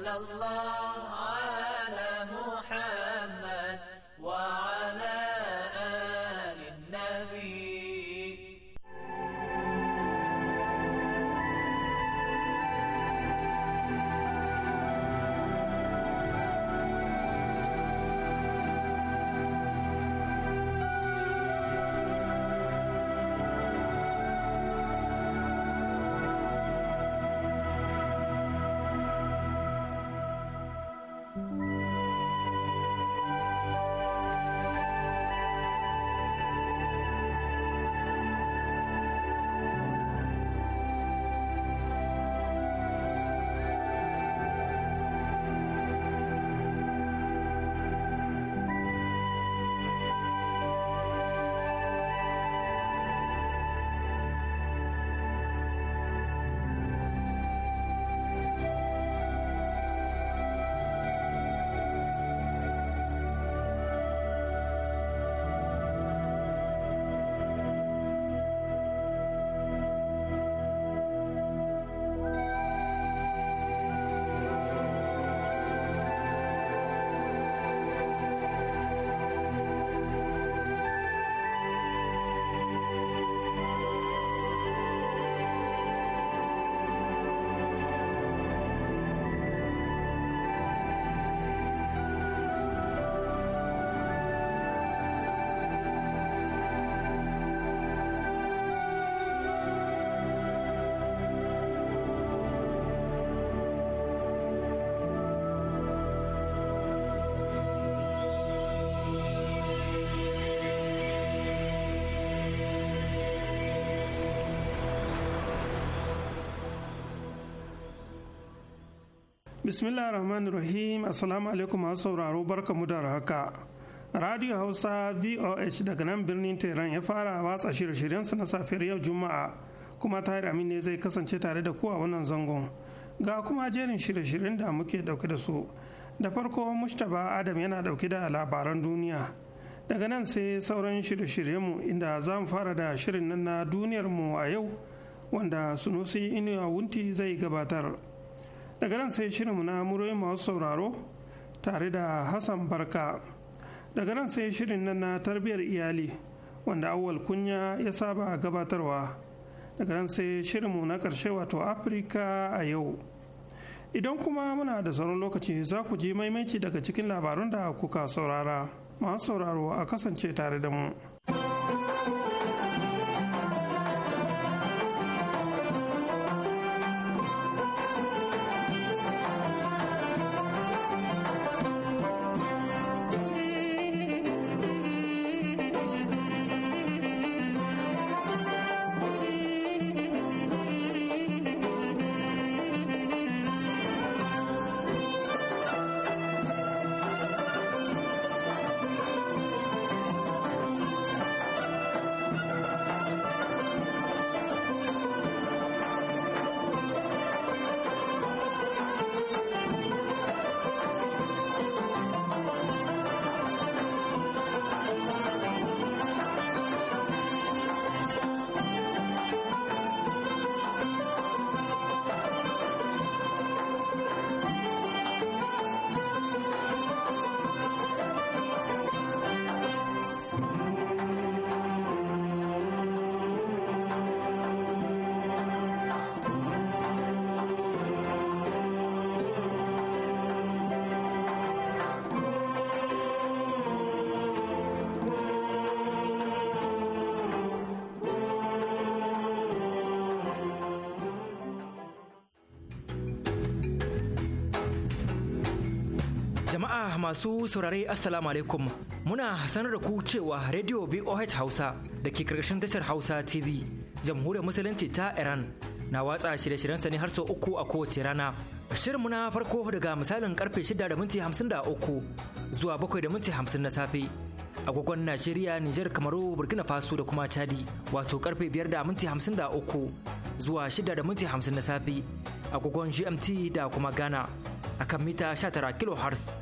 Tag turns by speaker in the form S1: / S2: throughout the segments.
S1: illallah
S2: bismillah rahman rahim assalamu alaikum masu sauraro barka mu da haka radio hausa voh daga nan birnin tehran ya fara watsa shirye shiryen su na safiyar yau juma'a kuma tahir amin ne zai kasance tare da ku a wannan zangon ga kuma jerin shirye-shiryen da muke dauke da su da farko mustaba adam yana dauke da labaran duniya daga nan sai sauran shirye-shiryenmu inda za mu fara da shirin nan na mu a yau wanda sunusi inuwa wunti zai gabatar daga nan sai shirinmu na muryoyin masu sauraro tare da hassan barka daga nan sai shirin nan na tarbiyyar iyali wanda awwal kunya ya saba gabatarwa daga nan sai shirinmu na karshe wato afirka a yau idan kuma muna da sauran lokaci za ku ji maimaici daga cikin labarun da kuka saurara masu sauraro a kasance tare da mu.
S3: masu saurare assalamu alaikum muna sanar da ku cewa radio voh hausa da ke karkashin tashar hausa tv jamhuriyar musulunci ta iran na watsa shirye-shiryensa ne har sau uku a kowace rana shirinmu na farko daga misalin karfe shida da minti hamsin da uku zuwa bakwai da minti hamsin na safe agogon Najeriya, niger Kamaru, Burkina Faso da kuma Chadi, wato karfe 5:53 da minti zuwa 6:50 da minti na safe, agogon GMT da kuma Ghana, akan mita 19 kHz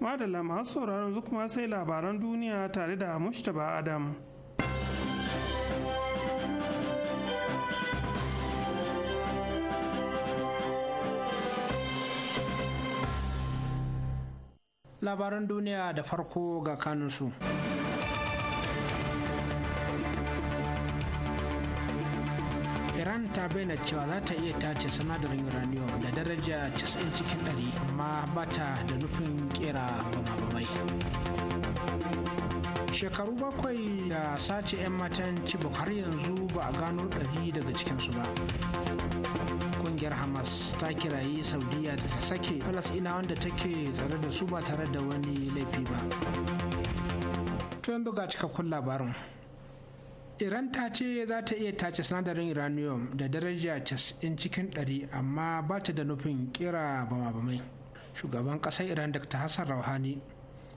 S2: madalla masu sauraron zu kuma sai labaran duniya tare da mushtaba adam
S4: labaran duniya da farko ga kanunsu. iran ta bayyana cewa za ta iya tace sinadarin uranium da daraja 90 cikin 100 amma ba ta da nufin kera bamabamai shekaru bakwai da sace 'yan matan cibok har yanzu ba a gano ɗari daga cikinsu ba Ƙungiyar hamas ta kirayi saudiya da ta sake ina wanda take tsare da su ba tare da wani laifi ba to buga cikakkun labarin iran ta ce za ta iya tace sinadarin uranium da daraja 90 cikin 100 amma ba ta da nufin kira bama-bamai shugaban ƙasar iran dr hassan rouhani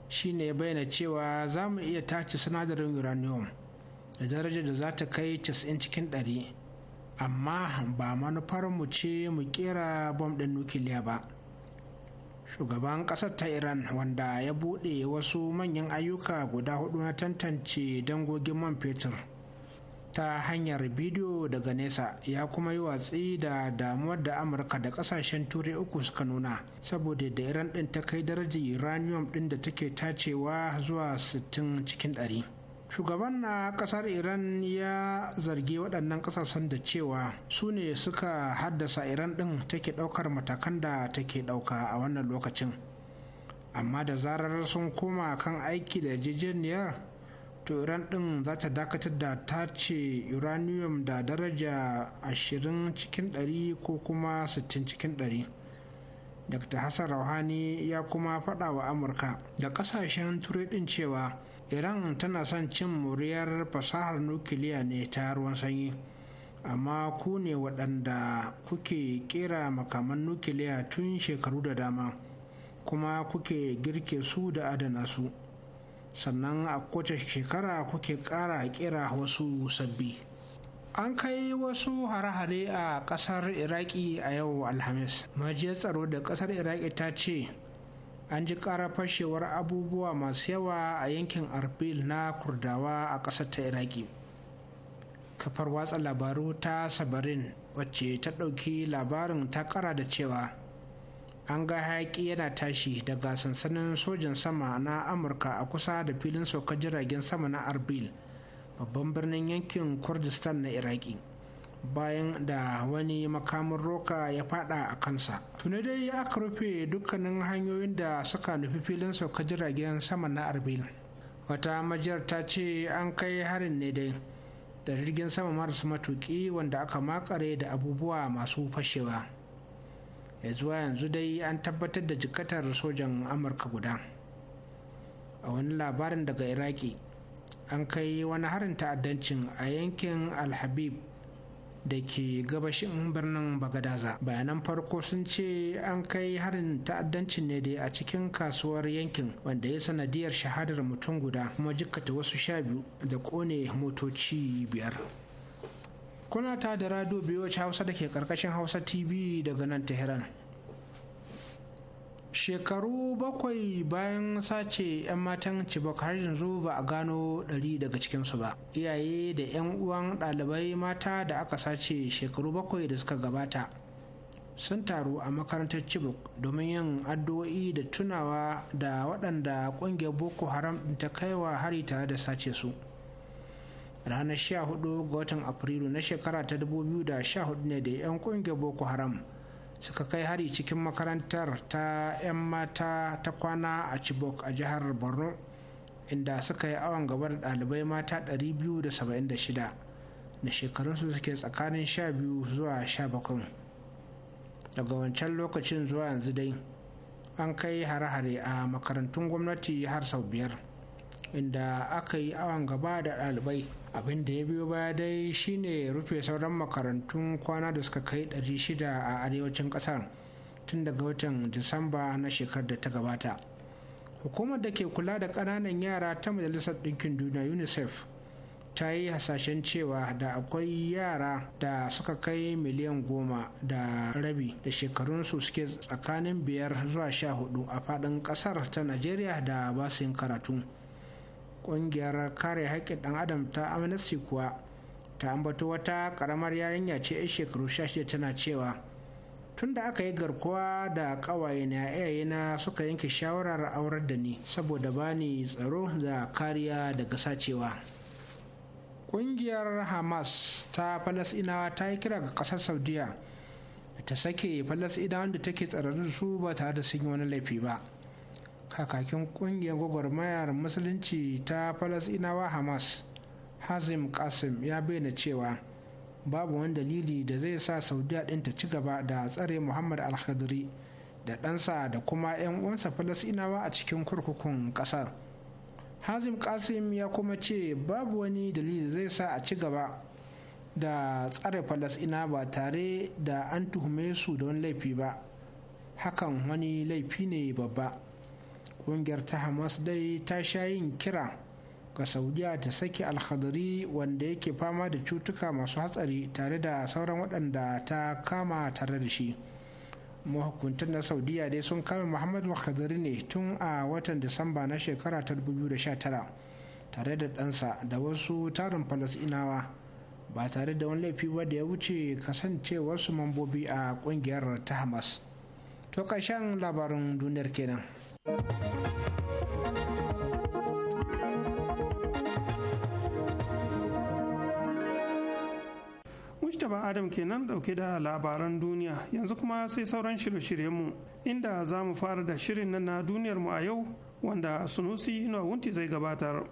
S4: shine bayyana cewa za mu iya tace sinadarin uranium da daraja da za ta kai 90 cikin 100 amma ba manufarmu ce mu kera bom ɗin nukiliya ba shugaban ƙasar ta iran wanda ya buɗe wasu manyan ayyuka guda hudu na tantance dangogin man fetur ta hanyar bidiyo daga nesa ya kuma yi watsi da damuwar da amurka da kasashen turai uku suka nuna saboda da iran din ta kai darajar uranium din da take tacewa zuwa 60 cikin 100 shugaban na kasar iran ya zargi waɗannan ƙasashen da cewa su ne suka haddasa iran din take ɗaukar matakan da take ɗauka a wannan lokacin amma da zarar sun koma kan aiki da yarjejeniyar to iran din za ta dakatar da ta ce uranium da daraja 20 cikin 100 ko kuma 60 cikin 100 dr hassan rauhani ya kuma faɗa wa amurka da ƙasashen turai ɗin cewa iran tana son cin muriyar fasahar nukiliya ne ta ruwan sanyi amma ku ne waɗanda kuke ƙera makaman nukiliya tun shekaru da dama kuma kuke girke su da adana su sannan a kowace shekara kuke ƙara kira wasu sabbi an kai wasu hare-hare a ƙasar iraki a yau alhamis majiyar tsaro da ƙasar iraki ta ce an ji ƙara fashewar abubuwa masu yawa a yankin arbil na kurdawa a ƙasar ta iraki kafar watsa labaru ta sabarin wacce ta ɗauki labarin ta ƙara da cewa an ga hayaki yana tashi daga sansanin sojan sama na amurka a kusa da filin saukar jiragen sama na arbil babban birnin yankin kurdistan na iraki bayan da wani makamin roka ya fada a kansa tuni dai aka rufe dukkanin hanyoyin da suka nufi filin saukar jiragen sama na arbil wata majiyar ta ce an kai harin ne dai da jirgin sama marasu matuki wanda aka makare da abubuwa masu fashewa ya zuwa yanzu dai an tabbatar da jikatar sojan amurka guda a wani labarin daga iraki an kai wani harin ta'addancin a yankin alhabib da ke gabashin birnin bagadaza bayanan farko sun ce an kai harin ta'addancin ne dai a cikin kasuwar yankin wanda ya sanadiyar shahadar mutum guda kuma jikkata wasu sha biyu da kone motoci biyar kuna ta da biyu biyoci hausa da ke karkashin hausa tv daga nan tehran shekaru bakwai bayan sace 'yan matan cibok har yanzu ba a gano ɗari daga cikinsu ba iyaye da 'yan uwan ɗalibai mata da aka sace shekaru bakwai da suka gabata sun taru a makarantar cibok domin yin addu'o'i da tunawa da waɗanda ƙungiyar boko haram ta kaiwa hari tare da sace su ranar 14 ga watan afrilu na shekara ta 2014 ne da 'yan kungiyar boko haram suka kai hari cikin makarantar ta 'yan mata ta kwana a chibok a jihar borno inda suka yi awon gaba da ɗalibai mata 276 da shekarunsu suke tsakanin 12 zuwa 17 daga wancan lokacin zuwa yanzu dai an kai hare-hare a makarantun gwamnati har sau biyar. inda aka yi awon gaba da ɗalibai abin da ya biyo baya dai shine rufe sauran makarantun kwana da suka kai 600 a arewacin ƙasar tun daga watan disamba na shekarar da ta gabata hukumar da ke kula da ƙananan yara ta majalisar ɗinkin duniya unicef ta yi hasashen cewa da akwai yara da suka kai miliyan goma da rabi da shekarunsu suke tsakanin biyar zuwa sha hudu a faɗin ƙasar ta najeriya da basu yin karatu ƙungiyar kare haƙƙin ɗan adam ta amnesty kuwa ta ambato wata ƙaramar yarinya ce 'yan shekaru 16 tana cewa tun da aka yi garkuwa da ƙawaye na iyayena suka yanke shawarar aurar da ni saboda ba ni tsaro da kariya daga sacewa ƙungiyar hamas ta falasinawa ta yi kira ga ƙasar saudiya ta sake falasinawa da take tsararin su ba tare da sun yi wani laifi ba kakakin kungiyar gwagwarmayar musulunci ta falasinawa hamas hazim Qasim ya bayyana cewa babu wani dalili da zai sa saudiya ɗin ta ci gaba da tsare muhammad alhadri da ɗansa da kuma 'yan uwansa falasinawa a cikin kurkukun ƙasar hazim kasim ya kuma ce babu wani dalili da zai sa a ci gaba da tsare falasina ba tare da an tuhume su da wani laifi ba hakan wani laifi ne babba ƙungiyar ta hamas dai ta sha yin kira ga saudiya ta saki alhadari wanda yake fama da cutuka masu hatsari tare da sauran waɗanda ta kama tare da shi mahukuntan na saudiya dai sun kame muhammadu alhadari ne tun a watan disamba na shekara ta 2019 tare da ɗansa da wasu tarin falasinawa ba tare da wani laifi ba da ya wuce kasancewarsu mambobi a ƙungiyar ta hamas to ƙarshen labarin duniyar kenan
S2: Mustapha Adam kenan dauke da labaran duniya yanzu kuma sai sauran shirye-shiryenmu inda za mu fara da shirin nan na duniyarmu a yau wanda Sunusi Inuwa Wunti zai gabatar.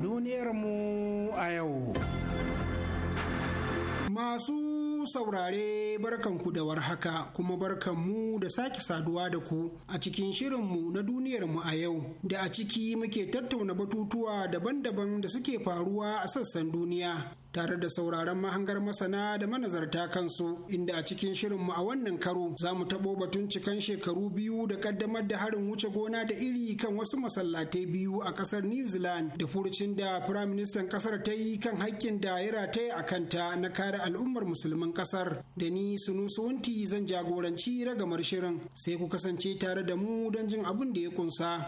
S5: Duniyarmu a yau. Masu saurare barkan ku da warhaka kuma barkan mu da sake saduwa da ku a cikin shirinmu na duniyar mu a yau da a ciki muke tattauna batutuwa daban-daban da suke faruwa a sassan duniya tare da sauraron mahangar masana da manazarta kansu inda a cikin shirinmu a wannan karo za mu taɓo batun cikan shekaru biyu da ƙaddamar da harin wuce gona da iri kan wasu masallatai biyu a ƙasar New Zealand da furucin da prime minister ƙasar ta yi kan haƙƙin da ta yi a kanta na kare al'ummar musulmin ƙasar da ni sunu Wunti zan jagoranci ragamar shirin sai ku kasance tare da mu don jin abin da ya kunsa.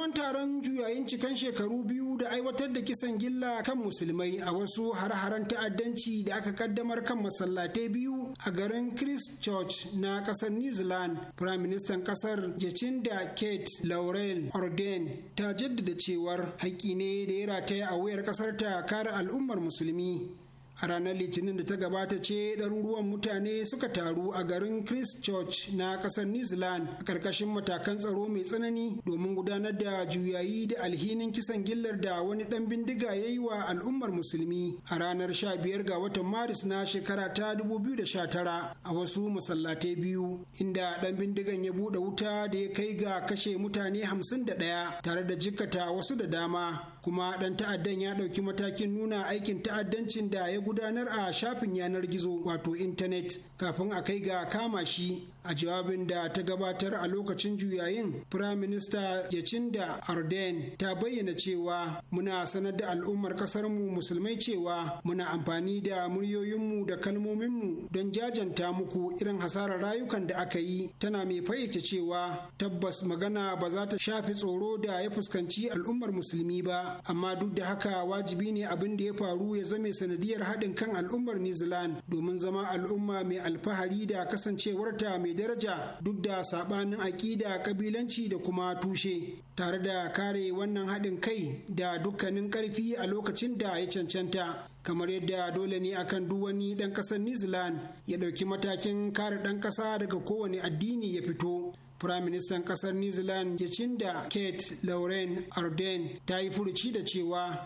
S5: zaman taron juyayin cikan shekaru biyu da aiwatar da kisan gilla kan musulmai a wasu har-haren ta'addanci da aka kaddamar kan masallatai biyu a garin Christchurch na kasar New Zealand, Prime Minister kasar Jacinda Kate Laurel Orden ta jaddada cewar haƙƙi ne da ya rataya a wayar kasar ta kare al'ummar musulmi a ranar litinin da ta gabata ce ɗaruruwan mutane suka taru a garin christchurch na ƙasar new zealand a ƙarƙashin matakan tsaro mai tsanani domin gudanar da juyayi da alhinin kisan gillar da wani ɗan bindiga ya yi wa al'ummar musulmi a ranar sha biyar ga watan maris na shekara ta da sha tara a wasu masallatai biyu inda ɗan bindigan ya buɗe wuta da ya kai ga kashe mutane hamsin da ɗaya tare da jikkata wasu da dama kuma ɗan ta'addan ya ɗauki matakin nuna aikin ta'addancin da ya gudanar a shafin yanar gizo wato intanet kafin a kai ga kama shi a jawabin da ta gabatar a lokacin juyayin firaminista yacinda arden ta bayyana cewa muna sanar da al'ummar ƙasarmu musulmai cewa muna amfani da muryoyinmu da kalmominmu don jajanta muku irin hasarar rayukan da aka yi tana mai fayyace cewa tabbas magana ba za ta shafi tsoro da ya fuskanci al'ummar musulmi ba amma duk da haka wajibi ne abin da ya faru ya zame sanadiyar haɗin kan al'ummar new zealand domin zama al'umma mai alfahari da kasancewarta mai mai daraja duk da sabanin aƙida ƙabilanci da kuma tushe tare da kare wannan haɗin kai da dukkanin ƙarfi a lokacin da ya cancanta kamar yadda dole ne akan duk wani ɗan ƙasar new zealand ya ɗauki matakin kare ɗan ƙasa daga kowane addini ya fito Firaministan ƙasar New Zealand Jacinda Kate Lauren Arden ta yi furuci da cewa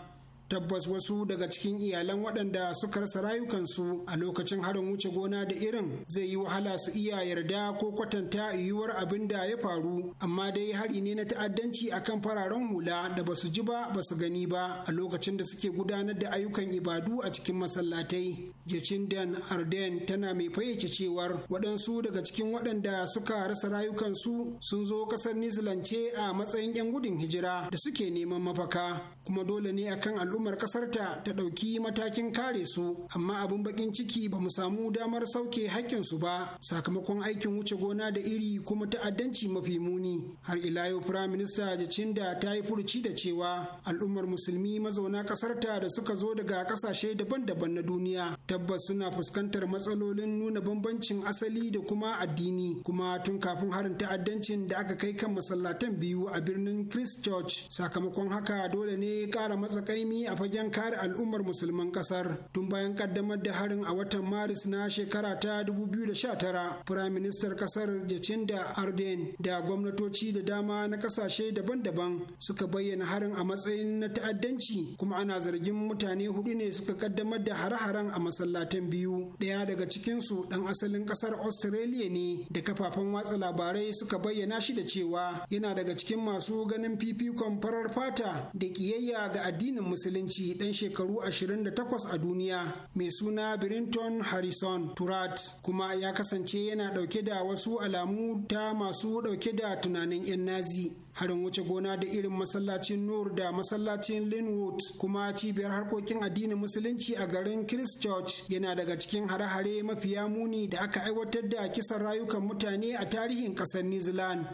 S5: tabbas wasu daga cikin iyalan waɗanda suka rasa rayukansu a lokacin harin wuce gona da irin zai yi wahala su iya yarda ko kwatanta yiwuwar abin da ya faru amma dai hari ne na ta'addanci akan fararen hula da ba su ji ba ba su gani ba a lokacin da suke gudanar da ayyukan ibadu a cikin masallatai jacindan arden tana mai fayyace cewar waɗansu daga cikin waɗanda suka rasa rayukansu sun zo ƙasar new ce a matsayin 'yan gudun hijira da suke neman mafaka kuma dole ne akan al'' al'ummar ƙasarta ta ɗauki matakin kare su amma abin baƙin ciki ba mu samu damar sauke haƙƙinsu ba sakamakon aikin wuce gona da iri kuma ta'addanci mafi muni har ila yau firayim minista jacinda ta yi furuci da cewa al'ummar musulmi mazauna ƙasarta da suka zo daga ƙasashe daban-daban na duniya tabbas suna fuskantar matsalolin nuna bambancin asali da kuma addini kuma tun kafin harin ta'addancin da aka kai kan masallatan biyu a birnin christchurch sakamakon haka dole ne ƙara matsakaimi a fagen kare al'ummar musulman kasar tun bayan kaddamar da harin a watan maris na shekara ta 2019 minister kasar jacinda arden da gwamnatoci da dama na kasashe daban-daban suka bayyana harin a matsayin na ta'addanci kuma ana zargin mutane hudu ne suka kaddamar da hare-haren a masallatan biyu ɗaya daga cikinsu ɗan asalin kasar australia ne da kafafen watsa labarai suka bayyana shi da cewa yana daga cikin masu ganin fifikon farar fata da ƙiyayya ga addinin musulmi musulunci ɗan shekaru 28 a duniya mai suna Brinton Harrison Turat kuma ya kasance yana ɗauke da wasu alamu ta masu ɗauke da tunanin 'yan Nazi. harin wuce gona da irin masallacin nur da masallacin linwood kuma cibiyar harkokin addinin musulunci a garin christchurch yana daga cikin hare-hare mafiya muni da aka aiwatar da kisan rayukan mutane a tarihin ƙasar new zealand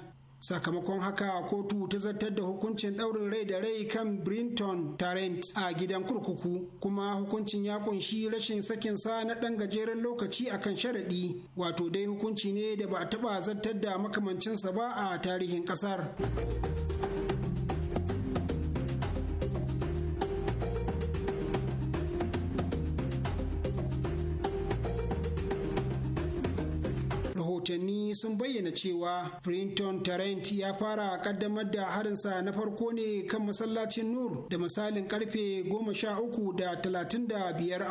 S5: sakamakon haka kotu ta zartar da hukuncin ɗaurin rai da rai kan brinton tarrant a gidan kurkuku kuma hukuncin ya kunshi rashin sakin sa na ɗan gajeren lokaci akan sharaɗi wato dai hukunci ne da ba a taɓa zartar da makamancinsa ba a tarihin ƙasar. bayyana cewa Brinton Tarrant ya fara kaddamar da harinsa na farko ne kan masallacin Nur da misalin karfe 13.35 sha uku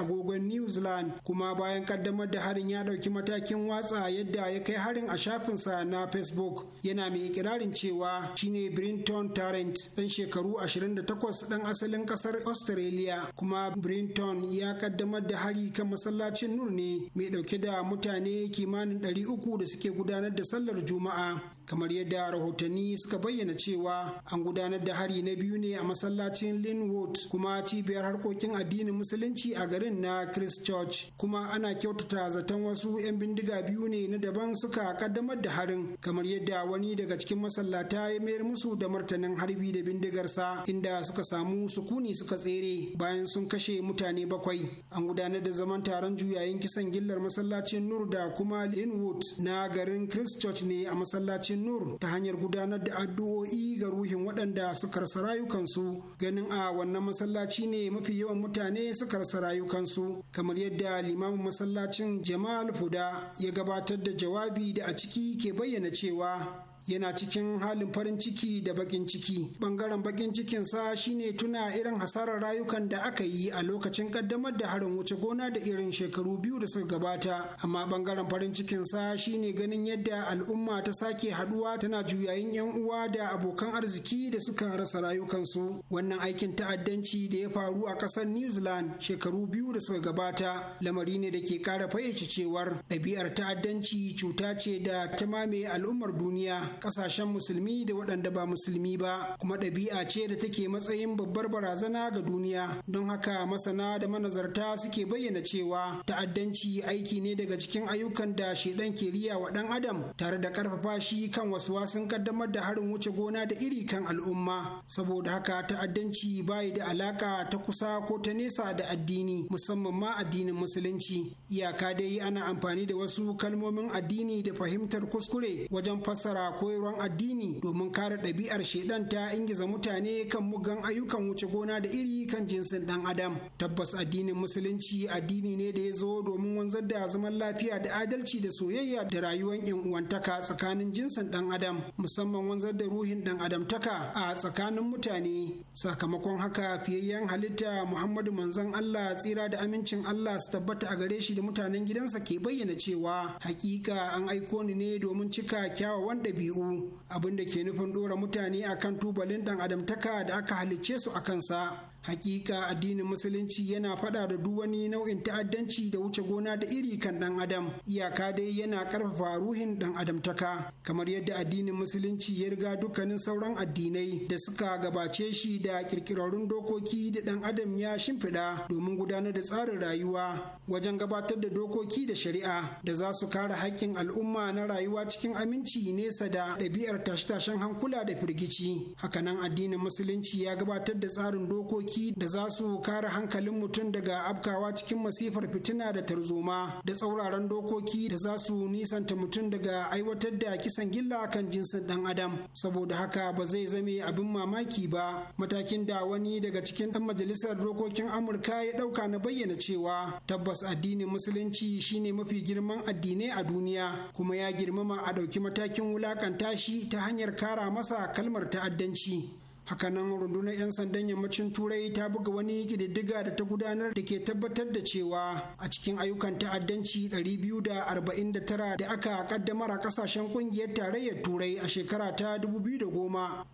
S5: agogon New Zealand kuma bayan kaddamar da harin ya dauki matakin watsa yadda ya kai harin a shafinsa na Facebook yana mai ikirarin cewa shine Brinton Tarrant dan shekaru 28 dan asalin ƙasar Australia kuma Brinton ya kaddamar da hari kan masallacin Nur ne mai dauke da mutane kimanin 300 da suke gudanar da sallar juma'a kamar yadda rahotanni suka bayyana cewa an gudanar da hari na biyu ne a masallacin linwood kuma cibiyar harkokin addinin musulunci a garin na christchurch kuma ana kyautata zaton wasu 'yan bindiga biyu ne na daban suka kaddamar da harin kamar yadda wani daga cikin masallata ya mayar musu da martanin harbi da bindigarsa inda suka samu sukuni suka tsere bayan sun kashe mutane bakwai an gudanar da zaman taron juyayin kisan gillar masallacin nur da kuma linwood na garin christchurch ne a masallacin masallacin nur ta hanyar gudanar da addu'o'i ga ruhin waɗanda suka rasa rayukansu ganin a wannan masallaci ne mafi yawan mutane suka rasa rayukansu kamar yadda limamin masallacin jamal fuda ya gabatar da jawabi da a ciki ke bayyana cewa yana cikin halin farin ciki da bakin ciki bangaren bakin cikinsa shine tuna irin hasarar rayukan da aka yi a lokacin kaddamar da harin wuce gona da irin shekaru biyu da suka gabata amma bangaren farin cikinsa shine ganin yadda al'umma ta sake haduwa tana juyayin yan uwa da abokan arziki da suka rasa rayukansu wannan aikin ta'addanci da ya faru a kasar new zealand shekaru biyu da suka gabata lamari ne da ke kara fayyace cewar ɗabi'ar ta'addanci cuta ce da ta mamaye al'ummar duniya kasashen musulmi da waɗanda ba musulmi ba kuma ɗabi'a ce da take matsayin babbar barazana ga duniya don haka masana da manazarta suke bayyana cewa ta'addanci aiki ne daga cikin ayyukan da shaidan ke riya wa ɗan adam tare da ƙarfafa shi kan wasu kaddamar da harin wuce gona da iri kan al'umma saboda haka ta'addanci bayi da alaka ta kusa ko ta nesa da addini musamman ma addinin musulunci iyaka dai ana amfani da wasu kalmomin addini da fahimtar kuskure wajen fassara koyarwar addini domin kare ɗabi'ar shaidan ta ingiza mutane kan mugan ayyukan wuce gona da iri kan jinsin ɗan adam tabbas addinin musulunci addini ne da ya zo domin wanzar da zaman lafiya da adalci da soyayya da rayuwar yan uwantaka tsakanin jinsin ɗan adam musamman wanzar da ruhin ɗan adamtaka a tsakanin mutane sakamakon haka fiyayyen halitta muhammadu manzon allah tsira da amincin allah su tabbata a gare shi da mutanen gidansa ke bayyana cewa hakika an aiko ni ne domin cika kyawawan ɗabi'u ɗabi'u abin da ke nufin ɗora mutane akan tubalin ɗan adamtaka da aka halicce su a kansa hakika addinin musulunci yana fada da duk wani nau'in ta'addanci da wuce gona da iri kan dan adam iyaka dai yana karfafa ruhin dan adamtaka kamar yadda addinin musulunci ya riga dukkanin sauran addinai da suka gabace shi da kirkirarrun dokoki da dan adam ya shimfiɗa domin gudanar da tsarin rayuwa wajen gabatar da dokoki da shari'a da za su kare haƙƙin al'umma na rayuwa cikin aminci nesa da ɗabi'ar tashe-tashen hankula da firgici hakanan addinin musulunci ya gabatar da tsarin dokoki doki da za su kare hankalin mutum daga abkawa cikin masifar fitina da tarzoma da tsauraran dokoki da za su nisanta mutum daga aiwatar da kisan gilla kan jinsin dan adam saboda haka ba zai zame abin mamaki ba matakin da wani daga cikin dan majalisar dokokin amurka ya dauka na bayyana cewa tabbas addinin musulunci shine mafi girman addinai a duniya kuma ya girmama a dauki matakin wulakanta shi ta hanyar kara masa kalmar ta'addanci hakanan rundunar 'yan sandan yammacin turai ta buga wani kididdiga da ta gudanar da ke tabbatar da cewa a cikin ayyukan ta'addanci 249 da aka kaddamar a kasashen kungiyar tarayyar turai a shekara ta 2010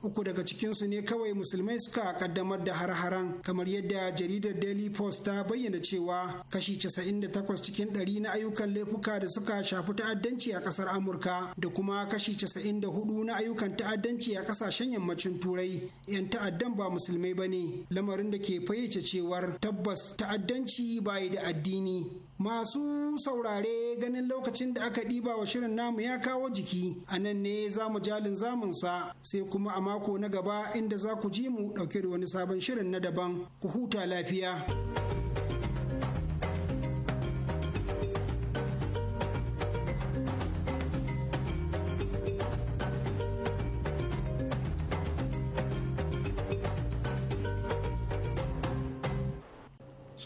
S5: uku daga cikinsu ne kawai musulmai suka kaddamar da har-haren kamar yadda jaridar daily post ta bayyana cewa kashi 98 cikin 100 na ayyukan laifuka da suka shafi ta'addanci a kasar amurka da kuma kashi 94 na ayyukan ta'addanci a kasashen yammacin turai 'yan ta'addan ba musulmai ba ne lamarin da ke fayyace cewar tabbas ta'addanci yi da addini masu saurare ganin lokacin da aka ɗiba wa shirin namu ya kawo jiki a nan ne za mu jalin zamunsa sai kuma a mako na gaba inda za ku ji mu ɗauke da wani sabon shirin na daban ku huta lafiya.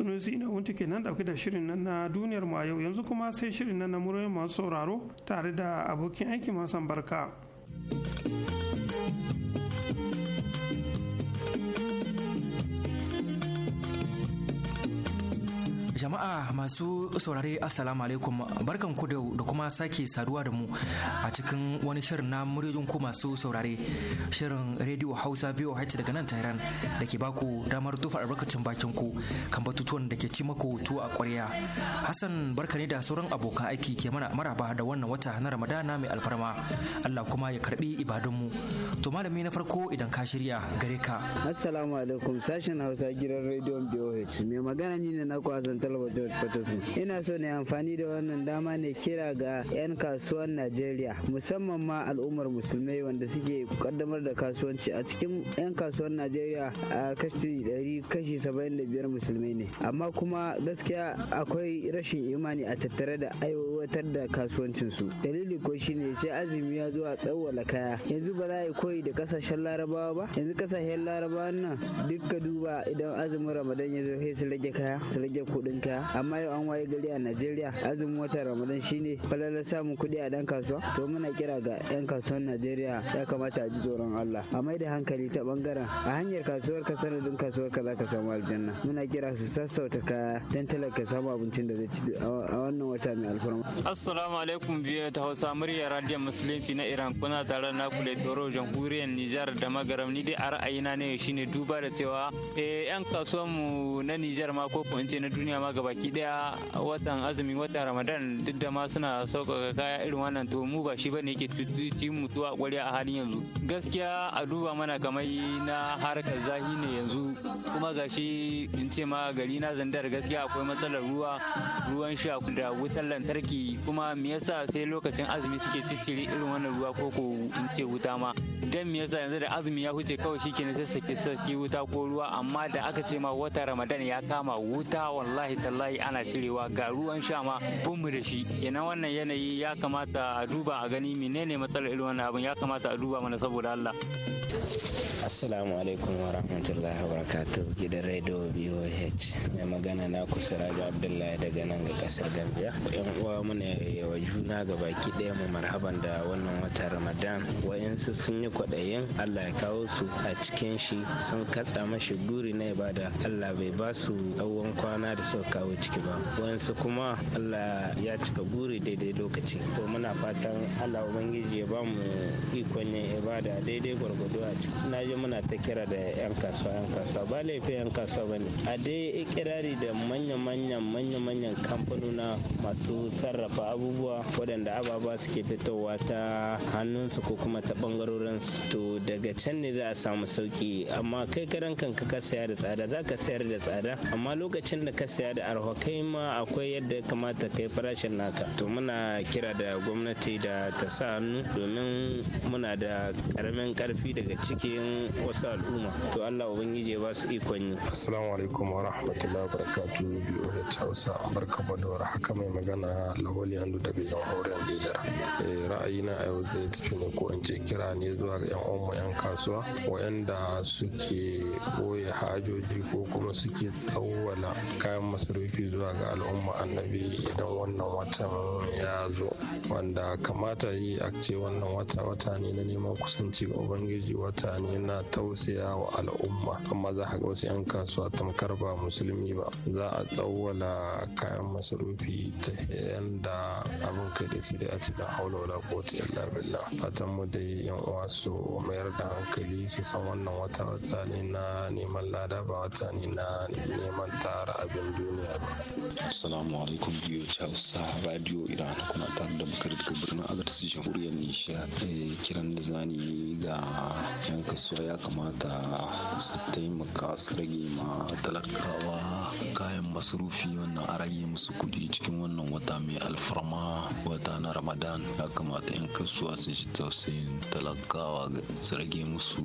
S2: sunusi ina wunta ke nan dauke da shirin nan na duniyar mu a yau yanzu kuma sai shirin nan na muryoyin masu sauraro tare da abokin aiki masu barka.
S3: Jama'a masu saurare Assalamu alaikum barkan ku da kuma sake saduwa da mu a cikin wani shirin na muryoyin ku masu saurare shirin Radio Hausa biyu haiti daga nan Tehran da ke baku damar tufa albarkacin bakin ku kan batutuwan da ke ci maku tuwa a ƙwarya. Hassan barka ne da sauran abokan aiki ke mana maraba da wannan wata na Ramadana mai alfarma. Allah kuma ya karbi mu, To malami na farko idan ka shirya gare ka.
S6: Assalamu alaikum sashen Hausa gidan Radio haiti mai magana ne na kwazantar Ina so ne amfani da wannan dama ne kira ga 'yan kasuwan Najeriya musamman ma al'ummar musulmai wanda suke kaddamar da kasuwanci a cikin 'yan kasuwan Najeriya a kashi 100 kashi 75 musulmai ne. Amma kuma gaskiya akwai rashin imani a tattare da aiwatar da kasuwancinsu. Dalili ko shine sai azumi ya zo a tsawwala kaya. Yanzu ba za a yi koyi da kasashen Larabawa ba. Yanzu kasashen Larabawa nan duka duba idan azumin Ramadan ya zo sai su rage kaya su rage kuɗin makaranta amma yau an waye gari a najeriya azumin watan ramadan shine falalar samun kuɗi a dan kasuwa to muna kira ga 'yan kasuwan najeriya ya kamata a ji tsoron allah a mai da hankali ta bangaren a hanyar kasuwar ka sanadin kasuwar ka za ka samu aljanna muna kira su sassauta ka dan ka samu abincin da zai ci a wannan wata mai alfarma
S7: assalamu alaikum biyu ta hausa murya radiyon musulunci na iran kuna tare na kule toro jamhuriyar nijar da magaram ni dai a ra'ayina ne shine duba da cewa eh 'yan kasuwan mu na nijar ma ko ko na duniya ma ga baki daya watan azumi watan ramadan duk da ma suna sauƙaƙa kaya irin wannan to mu ba shi ba ne yake tutuci mutuwa ƙwarya a halin yanzu gaskiya a duba mana kamar na harkar zahi ne yanzu kuma gashi in ce ma gari na zandar gaskiya akwai matsalar ruwa ruwan sha da wutar lantarki kuma me yasa sai lokacin azumi suke ciccire irin wannan ruwa ko ko in ce wuta ma dan me yasa yanzu da azumi ya huce kawai shi ke sai sake saki wuta ko ruwa amma da aka ce ma wata ramadan ya kama wuta wallahi tallahi ana cirewa ga ruwan sha ma mu da shi ina wannan yanayi ya kamata a duba a gani menene matsalar irin wannan abin ya kamata a duba mana saboda Allah Assalamu alaikum wa rahmatullahi wa barakatuh gidan radio BOH mai magana na kusa Raja Abdullahi daga nan ga kasar Gambia yan uwa muna yawa juna ga baki ɗaya mu marhaban da wannan watan Ramadan wayansu sun yi kwaɗayin Allah ya kawo su a cikin shi sun katsa mashi guri na ibada Allah bai ba su tsawon kwana da suka kawo ciki ba wayansu kuma allah ya cika buri daidai lokaci to muna fatan allah ubangiji ya bamu ikon yin ibada daidai gwargwado a ciki na ji muna ta kira da yan kasuwa yan kasuwa ba laifin yan kasuwa ba a dai ikirari da manya-manyan manya-manyan kamfanuna masu sarrafa abubuwa waɗanda ababa suke fitowa ta hannunsu ko kuma ta ɓangarorin to daga can ne za a samu sauki amma kai karan kanka ka saya da tsada za ka sayar da tsada amma lokacin da ka saya da arhokai ma akwai yadda ya kamata kai farashin naka to muna kira da gwamnati da ta sa hannu domin muna da karamin karfi daga cikin wasu al'umma to allah ubangiji ba su ikon yi assalamu alaikum wa rahmatullahi wa barakatu
S1: biyu da hausa barka da war haka mai magana lawali hannu daga auren nijar eh, ra'ayina a yau zai tafi ne ko in ce kira ne zuwa ga yan uwanmu yan kasuwa wayanda suke boye hajoji ko kuma suke tsawwala kayan masarufi zuwa ga al'umma annabi idan wannan watan ya zo wanda kamata yi a ce wannan wata wata ne na neman kusanci ga ubangiji wata ne na tausaya wa al'umma amma za ga wasu 'yan kasuwa tamkar ba musulmi ba za a tsawwala kayan masarufi ta yanda abin kai da su da a cikin haula wala kotu illa billah fatan mu dai yan uwa su mayar da hankali su san wannan wata wata ne na neman lada ba wata ne na neman tara abin duniya Assalamu alaikum biyu Hausa Radio Iran kuna tare da makar daga birnin
S8: Agadis jamhuriyar eh, Kiran da zani ga yan kasuwa ya kamata su taimaka su rage ma talakawa kayan masarufi wannan a rage musu kuɗi cikin wannan wata mai alfarma wata na Ramadan ya kamata yan kasuwa su ji tausayin talakawa su rage musu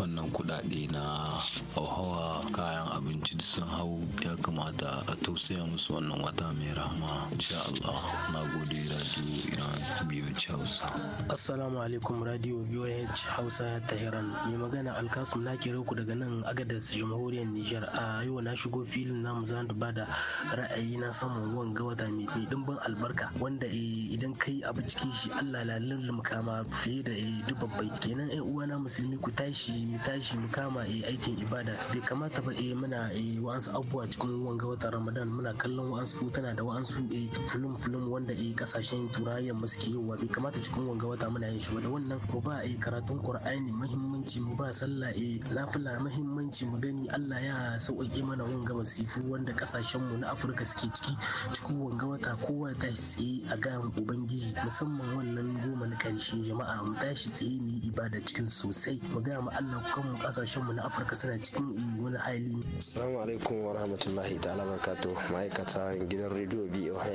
S8: wannan kuɗaɗe na hauhawa kayan abinci sun hau ya kamata da a tausaya musu wannan wata mai rahama insha Allah na gode radio Iran BH Hausa
S1: Assalamu alaikum radio BH Hausa ta Iran mai magana Alkasum na kira ku daga nan Agadez Jamhuriyar Nijar a yau na shigo filin namu zan duba da ra'ayi na samun ruwan wata mai dimbin albarka wanda eh, idan kai abu cikin shi Allah la kama fiye da eh, dubabbai kenan ai uwana musulmi ku tashi mu tashi mu kama eh, aikin ibada bai kamata ba muna wa'ansu abubuwa cikin ruwan watan ramadan muna kallon wa'ansu tana da wa'ansu eh, fulum fulum wanda a eh, kasashen turai mu suke yi wa bai kamata cikin wanga wata muna yin shi ba da wannan ko ba a eh, karatun qur'ani muhimmanci mu ba sallah a nafila muhimmanci mu gani Allah ya sauƙaƙe mana wanga masifu wanda kasashen mu na Afirka suke ciki cikin wanga wata kowa ta tsaye a gaban ubangiji musamman wannan goma na karshe jama'a mu tashi tsaye mu yi ibada cikin sosai mu ga mu Allah kanmu kasashen mu na Afirka suna cikin wani hali
S8: assalamu alaikum wa rahmatullahi ta'ala ta'ala barkatu ma'aikatan gidan rediyo boh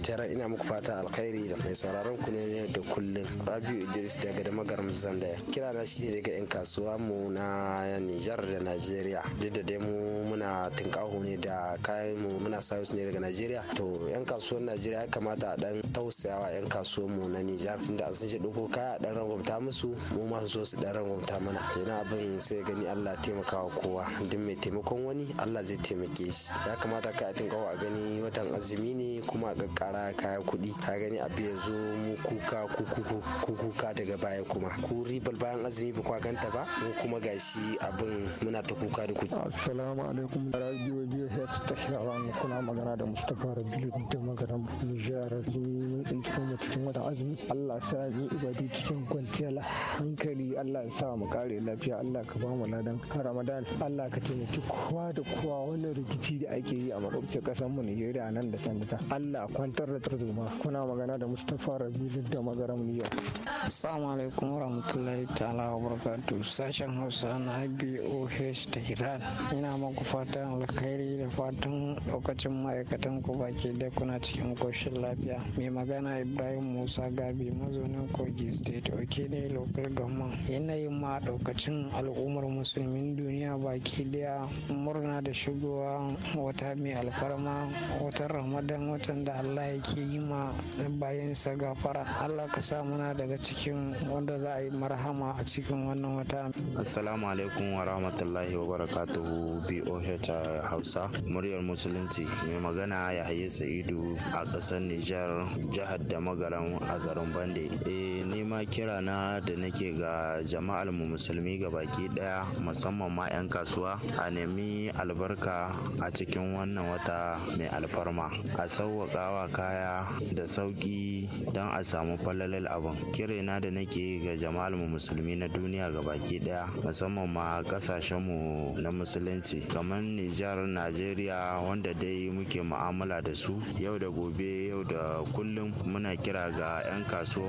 S8: tara ina muku fata alkhairi da mai sauraron ku ne da kullum rabiu idris daga da magaram zandaya kira na shi daga yan kasuwa mu na nijar da nigeria duk da dai mu muna tinkaho ne da kayan mu muna sayus ne daga najeriya to yan kasuwar najeriya ya kamata a dan tausayawa yan kasuwar mu na nijar tunda an sun shi dauko kaya a dan rangwamta musu mu su zo su dan rangwamta mana to abin sai gani allah taimakawa kowa duk mai taimakon wani allah zai taimake shi ya kamata ka atin kawo a gani watan azumi ne kuma a kara kaya kuɗi ka gani abu ya zo mu kuka kukuku kukuka daga baya kuma ku ribar bayan azumi ba kwa ganta ba mu kuma gashi abin muna ta kuka da kuɗi.
S9: assalamu alaikum radio biyu ta shawa kuna magana da mustapha rabiu da magana nijar azumi mun kuma cikin watan azumi
S4: allah sa ya ibadu cikin kwanciyar hankali allah ya sa mu kare lafiya allah ka ba mu ladan ramadan allah ka taimaki kowa da kowa wannan rikici da ake yi a makwabcin kasar mu Nijeriya nan da can da Allah kwantar da tarzoma kuna magana da Mustapha Rabi da magaram Niger. Assalamu alaikum rahmatullahi ta'ala wa barakatuh sashen Hausa na BOH ta Iran ina muku fatan alkhairi da fatan lokacin ma'aikatan ku baki da kuna cikin koshin lafiya mai magana Ibrahim Musa Gabi mazaunin Kogi State oke ne local government yanayin ma daukacin al'ummar musulmin duniya baki daya murna da shigowa wata ta mai alfarma watan ramadan watan da allah yake yi ma bayan sa gafara allah ka sa muna daga cikin wanda za a yi marhama a cikin wannan wata
S10: assalamu alaikum wa rahmatullahi wa barakatuhu boh hausa muryar musulunci mai magana ya haye sa'idu a ƙasar nijar jihar da magaran a garin bande eh nema kira na da nake ga jama'ar mu musulmi ga baki daya musamman ma 'yan kasuwa a nemi albarka a cikin cikin wannan wata mai alfarma a sauwaƙawa kaya da sauki don a samu falalal abin kirena da nake ga jama'ar mu musulmi na duniya ga baki ɗaya musamman ma ƙasashen mu na musulunci kamar Nijar Najeriya wanda dai muke mu'amala da su yau da gobe yau da kullum muna kira ga 'yan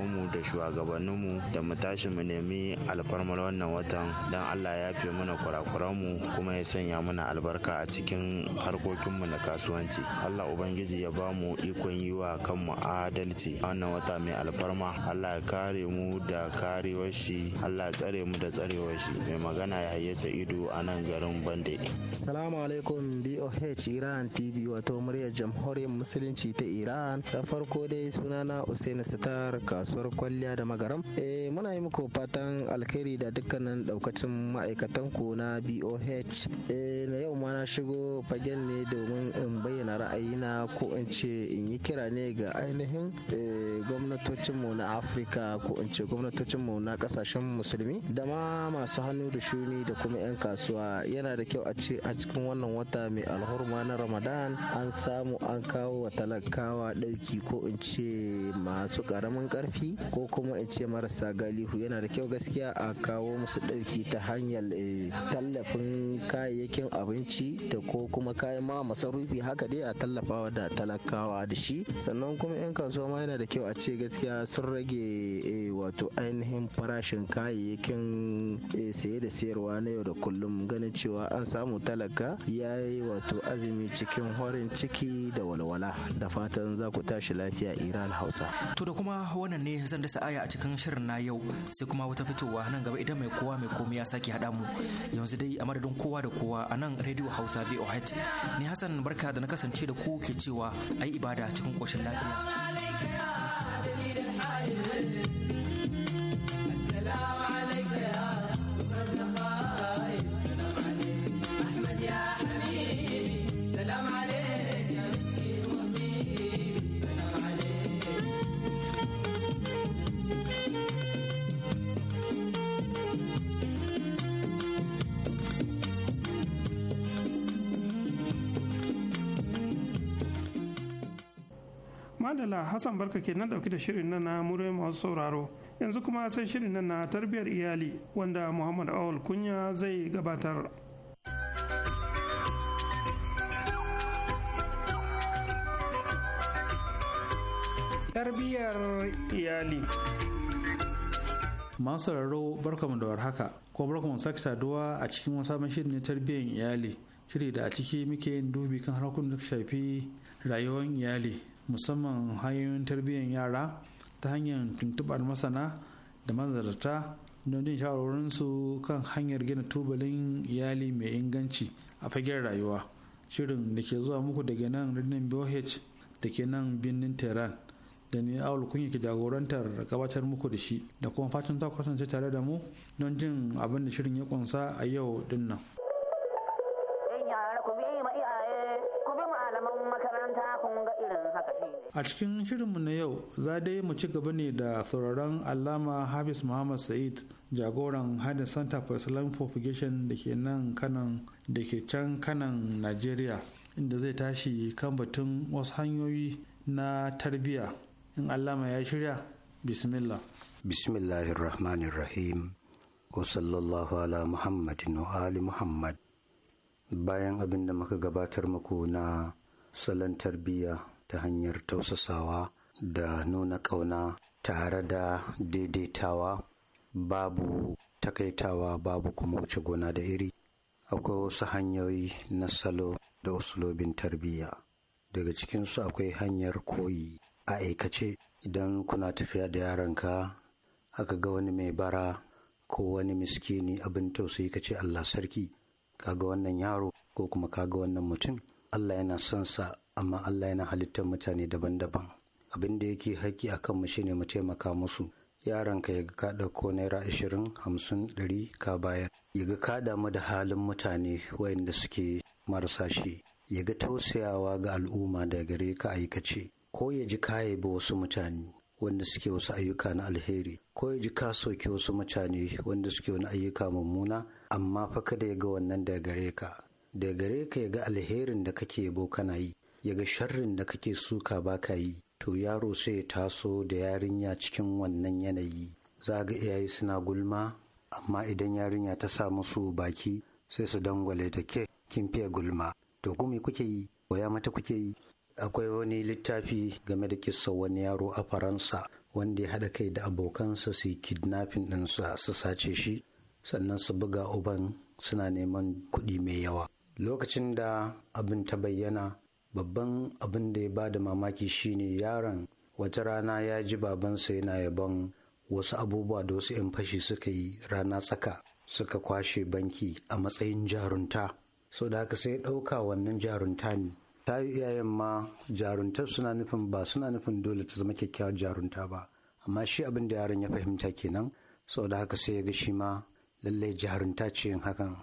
S10: mu da shugabanninmu da mu tashi mu nemi alfarmar wannan watan don Allah ya fi mana mu kuma ya sanya muna albarka a cikin harkokin harkokinmu na kasuwanci allah ubangiji ya ba mu ikon yi wa kanmu adalci wannan wata mai alfarma allah ya kare mu da karewar shi allah ya tsare mu da tsarewar shi mai magana ya hayyace ido a nan garin bande
S8: salamu alaikum boh iran tv wato muryar jamhuriyar musulunci ta iran da farko dai sunana usaini sitar kasuwar kwalliya da magaram eh muna yi muku fatan alkhairi da dukkanin daukacin ma'aikatan ku na boh eh, na yau ma na shigo fagen ne domin in bayyana ra'ayina ko in ce in yi kira ne ga ainihin eh, gwamnatocinmu na afirka ko in ce gwamnatocinmu na kasashen musulmi da ma masu hannu da shuni da kuma 'yan kasuwa yana da kyau a ce a cikin wannan wata mai alhurma na ramadan an samu an kawo wa talakawa ɗauki ko in ce masu ƙaramin ƙarfi ko kuma in ce marasa galihu yana da kyau gaskiya a kawo musu ɗauki ta hanyar eh, tallafin kayayyakin abinci da ko kuma kayan ma masarufi haka dai a tallafawa da talakawa da shi sannan kuma 'yan kasuwa ma yana da kyau a ce gaskiya sun rage eh, wato ainihin farashin kayayyakin eh, saye da sayarwa na yau da kullum ganin cewa an samu talaka ya yi wato azumi cikin horin ciki da walwala da fatan za ku tashi lafiya iran hausa
S3: to da kuma wannan ne zan dasa aya a cikin shirin na yau sai kuma wata fitowa nan gaba idan mai kowa mai komai ya sake haɗa mu yanzu dai a madadin kowa da kowa a nan radio hausa voh ni hassan barka da na kasance da ku ke cewa ayi ibada cikin koshin
S11: lafiya
S2: madala hassan barka ke nan dauki da shirin nan na murai masu sauraro yanzu kuma sai shirin nan na tarbiyyar iyali wanda muhammad awal kunya zai gabatar tarbiyyar iyali
S9: masu raro barkamu da warhaka ko barkamu sake saduwa a cikin wasu sabon shirin na tarbiyyar iyali shiri da a ciki muke yin dubi kan harkokin da shafi rayuwar iyali musamman hanyoyin tarbiyyar yara ta hanyar tuntubar masana da manzarta don jin shawarwarinsu kan hanyar gina tubalin iyali mai inganci a fagen rayuwa shirin da ke zuwa muku daga nan birnin boh da ke nan birnin tehran da ni awul kunya ke jagorantar gabatar muku da shi da kuma fatan ta kasance tare da mu don jin abin da shirin ya kunsa a yau dinnan. a cikin shirinmu na yau za dai mu ci gaba ne da sauraron allama hafiz muhammad sa'id jagoran hadin center for islamic propagation da ke nan kanan da ke can kanan nigeria inda zai tashi kan batun wasu hanyoyi na tarbiya in allama ya shirya
S12: bismillah bismillahirrahmanirrahim wa sallallahu ala muhammadin wa ali muhammad bayan abinda muka gabatar muku na salon tarbiyya ta hanyar tausasawa da nuna ƙauna tare da daidaitawa babu takaitawa babu kuma wuce gona da iri akwai wasu hanyoyi na salo da usulobin tarbiyya daga cikinsu akwai hanyar koyi a aikace idan kuna tafiya da yaranka aka ga wani mai bara ko wani miskini abin tausayi ka ce allah sarki kaga wannan yaro ko kuma kaga wannan mutum allah yana son sa amma Allah yana halittar mutane daban-daban abin da yake haƙƙi a kanmu shine mu taimaka musu Yaran ka yaga ka ɗauko naira ashirin hamsin ɗari ka bayar yaga ka damu da halin mutane wayanda suke marasa shi yaga tausayawa ga al'umma da gare ka aikace ko ya ji ka yabi wasu mutane wanda suke wasu ayyuka na alheri ko ya ji ka soke wasu mutane wanda suke wani ayyuka mummuna amma fa kada ya ga wannan da gare ka da gare ka ya ga alherin da kake yabo kana yi Yaga sharrin da kake suka baka yi to yaro sai ya taso da yarinya cikin wannan yanayi za ga iyaye suna gulma amma idan yarinya ta sa musu baki sai su dangwale da ke kin fiye gulma to gumi kuke yi waya mata kuke yi akwai wani littafi game da kissa wani yaro a faransa wanda ya haɗa kai da abokansa su yi kidnafin ɗinsa su sace shi sannan su buga uban suna neman kuɗi mai yawa lokacin da abin ta bayyana babban abin da ya ba da mamaki shine yaron wata rana ya ji babansa yana yabon wasu abubuwa da wasu 'yan fashi suka yi rana tsaka suka kwashe banki a matsayin jarunta so da haka sai ɗauka wannan jarunta ne ta yi iyayen ma jaruntar suna nufin ba suna nufin dole ta zama kyakkyawar jarunta ba amma shi abin da yaron ya fahimta kenan sau da haka sai ya ga shi ma lallai jarunta ce yin hakan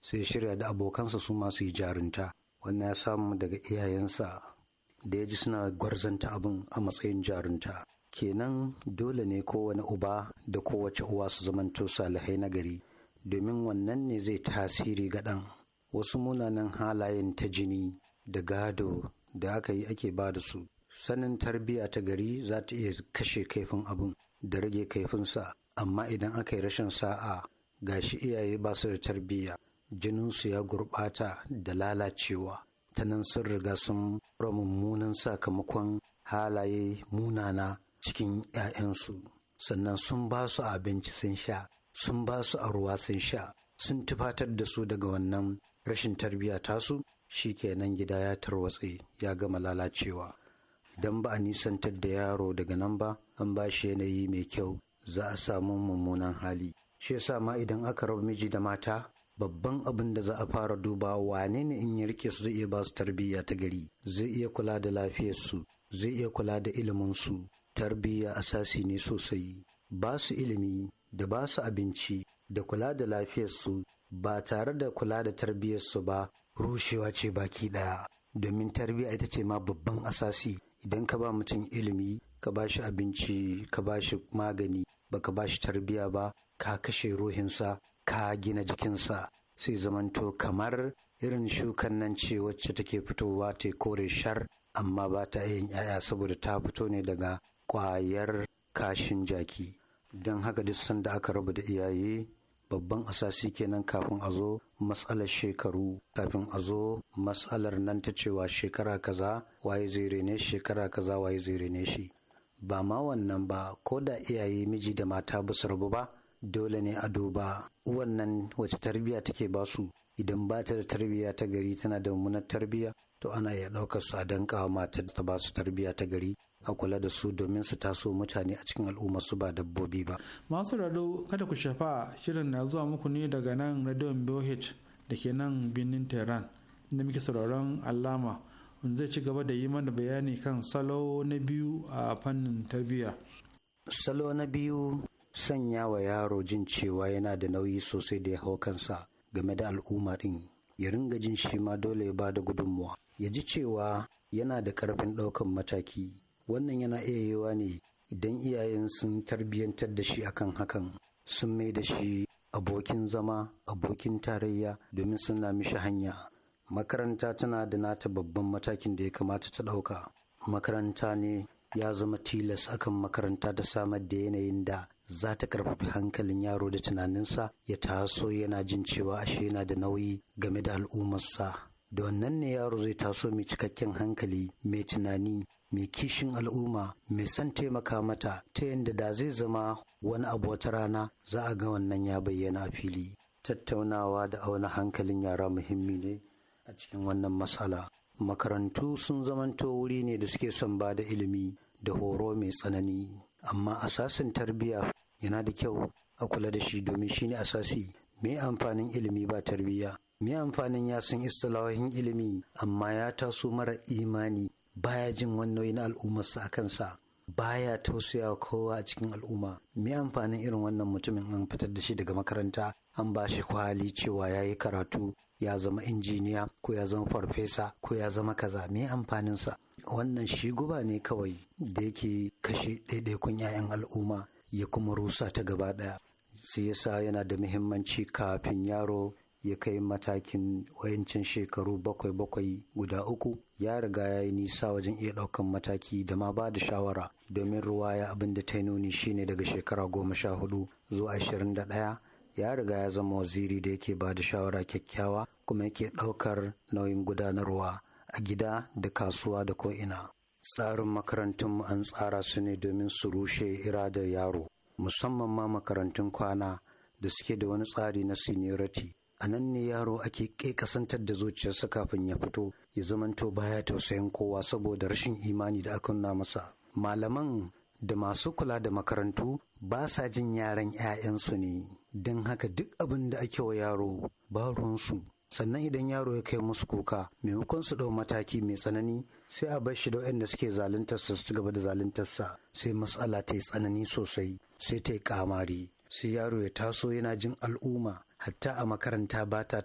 S12: sai shirya da abokansa su masu yi jarunta wannan ya samu daga iyayensa da ya ji suna gwarzanta abin a matsayin jarunta kenan dole ne kowane uba da kowace uwa su zamanto salihai na gari domin wannan ne zai tasiri ga ɗan wasu munanan halayen ta jini da gado da aka yi ake ba da su sanin tarbiyya ta gari za ta iya kashe kaifin abin da rage kaifinsa amma idan aka yi rashin sa'a gashi iyaye ba su da tarbiyya jininsu ya gurɓata da lalacewa ta nan sun riga sun ra mummunan sakamakon halaye munana cikin 'ya'yansu sannan sun ba su abinci sun sha sun ba su a ruwa sun sha sun tufatar da su daga wannan rashin tarbiyya tasu shi kenan gida ya tarwatse ya gama lalacewa idan ba a nisantar da yaro daga nan ba an ba shi yanayi mai kyau za a samu mummunan hali shi yasa ma idan aka rabu miji da mata babban abin da za a fara duba wane ne in ya rike su zai iya ba su tarbiyya ta gari zai iya kula da lafiyarsu zai iya kula da iliminsu tarbiyya asasi ne sosai ba su ilimi da ba su abinci da kula da lafiyarsu ba tare da kula da tarbiyyarsu ba rushewa ce baki ɗaya domin tarbiyya ita ce ma babban asasi idan ka ba mutum ilimi ka ba shi abinci ka ba shi magani baka ba shi tarbiyya ba ka kashe ruhinsa ka gina jikinsa sai zamanto kamar irin shukan nan ce wacce take fitowa ta kore shar amma ba ta yin yaya saboda ta fito ne daga kwayar kashin jaki don haka duk sanda aka raba da iyaye babban asasi kenan kafin a zo matsalar shekaru kafin a zo matsalar nan ta cewa shekara kaza waye zai rene shekara kaza waye zai rene shi ba ma wannan ba ko da iyaye miji da mata ba su rabu ba dole ne a duba wannan wace tarbiyya take su idan ba ta da tarbiyya ta gari tana da mummunar tarbiyya to ana iya ɗaukar su a danka mata ta ba su tarbiyya ta gari a kula da su domin su taso mutane a cikin al'umma su ba dabbobi ba.
S9: Masu rado kada ku shafa shirin na zuwa muku ne daga nan radion BOH da ke nan birnin Tehran inda muke sauraron alama wanda zai ci gaba da yi mana bayani kan salo na biyu a fannin tarbiyya.
S12: Salo na biyu sanya wa yaro jin cewa yana da nauyi sosai da ya hau kansa game da al'umma ɗin ya ringa jin shi ma dole ya ba da gudunmuwa ya ji cewa yana da ƙarfin ɗaukan mataki wannan yana iya yiwa ne idan iyayen sun tarbiyyantar da shi akan hakan sun mai da shi abokin zama abokin tarayya domin suna mishi hanya makaranta tana da nata babban matakin da ya kamata ta ɗauka makaranta ne ya zama tilas akan makaranta ta samar da yanayin da za ta karfafi hankalin yaro da tunaninsa ya taso yana jin cewa ashe yana da nauyi game da al'ummarsa da wannan ne yaro zai taso mai cikakken hankali mai tunani mai kishin al'umma mai son taimaka mata ta yadda da zai zama wani abu wata rana za a ga wannan ya bayyana a fili tattaunawa da auna hankalin yara muhimmi ne a cikin wannan matsala makarantu sun zamanto wuri ne da suke son ba da ilimi da horo mai tsanani amma asasin tarbiyya yana da kyau a kula da shi domin shi shine asasi me amfanin ilimi ba tarbiyya me amfanin ya san ilimi amma ya taso mara imani baya jin wannan na al'ummarsa a kansa baya tausaya kowa a cikin al'umma me amfanin irin wannan mutumin an fitar da shi daga makaranta an ba shi kwali cewa ya yi karatu ya zama injiniya ko ya zama farfesa ko ya zama kaza me amfaninsa wannan shi guba ne kawai da yake kashe ɗaiɗaikun 'ya'yan al'umma ya kuma rusa ta gaba ɗaya sai yasa yana da muhimmanci kafin yaro ya kai matakin wayancin shekaru bakwai bakwai guda uku ya riga ya yi nisa wajen iya ɗaukan mataki da ma ba da shawara domin ruwaya abin da ta nuni shine daga shekara goma sha hudu zuwa ashirin da ɗaya ya riga ya zama waziri da yake ba da shawara kyakkyawa kuma yake ɗaukar nauyin gudanarwa a gida da kasuwa da ko'ina. Tsarin makarantun an tsara su ne domin su rushe iradar yaro, musamman ma makarantun kwana da suke da wani tsari na seniority. A nan ne yaro ake ƙeƙasantar da zuciyarsa kafin ya fito ya zamanto baya tausayin kowa saboda rashin imani da aka nuna masa. Malaman da masu kula da makarantu ba sa jin yaran 'ya'yansu ne don haka duk abin da ake wa yaro ba ruwansu sannan idan yaro ya kai musu kuka maimakon su ɗau mataki mai tsanani sai a bar shi da waɗanda suke zaluntar su ci gaba da zaluntar sa sai matsala ta yi tsanani sosai sai ta yi kamari sai yaro ya taso yana jin al'umma hatta a makaranta ba ta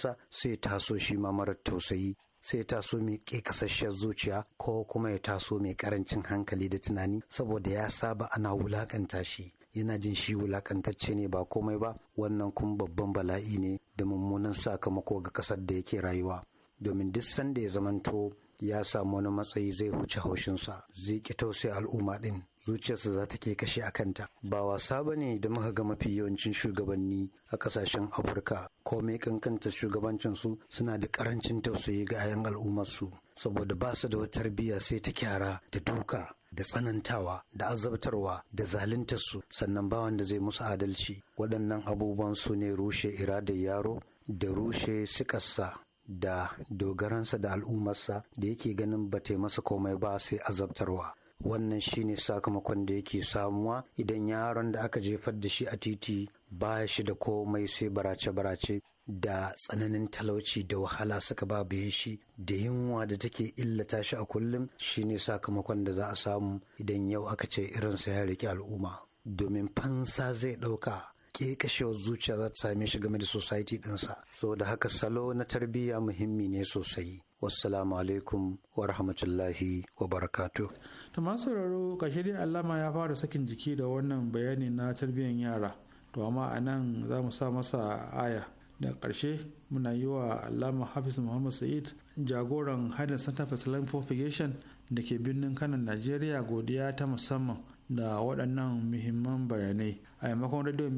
S12: sa sai taso shi ma marar tausayi sai ya taso mai ƙeƙasasshen zuciya ko kuma ya taso mai ƙarancin hankali da tunani saboda ya saba ana wulakanta shi yana jin shi wulakantacce ne ba komai ba wannan kuma babban bala'i ne da mummunan sakamako ga ƙasar da yake rayuwa domin duk sanda ya zamanto ya samu wani matsayi zai huce haushinsa zai ki tausayi al'umma din zuciyarsa za ta ke kashe a kanta ba wasa ba ne da muka ga mafi yawancin shugabanni a kasashen afirka ko mai kankanta shugabancinsu suna da karancin tausayi ga 'yan al'ummarsu saboda ba su da wata tarbiyya sai ta kyara da duka da tsanantawa da azabtarwa da zaluntarsu sannan ba wanda zai musu adalci waɗannan abubuwan su ne rushe iradar yaro da rushe sikarsa da dogaransa da al'ummarsa da yake ganin ba masa komai ba sai azabtarwa wannan shine sakamakon da yake samuwa idan yaron da aka jefar da shi a titi baya shi da komai sai barace-barace da tsananin talauci da wahala suka ba bayan shi da yunwa da take illata shi a kullum shine sakamakon da za a samu idan yau aka ce irinsa ya riƙe al'umma domin fansa zai ɗauka kekashewar zuciya za ta same shi game da society ɗinsa saboda haka salo na tarbiyya muhimmi ne sosai wassalamu alaikum wa rahmatullahi wa barakatu
S9: ta masu sauraro kashe dai alama ya fara sakin jiki da wannan bayani na tarbiyyar yara to amma a nan za mu sa masa aya da ƙarshe muna yi wa alama hafiz muhammad sa'id jagoran hadin center for islamic propagation da ke birnin kano nigeria godiya ta musamman da waɗannan muhimman bayanai a yamakon radio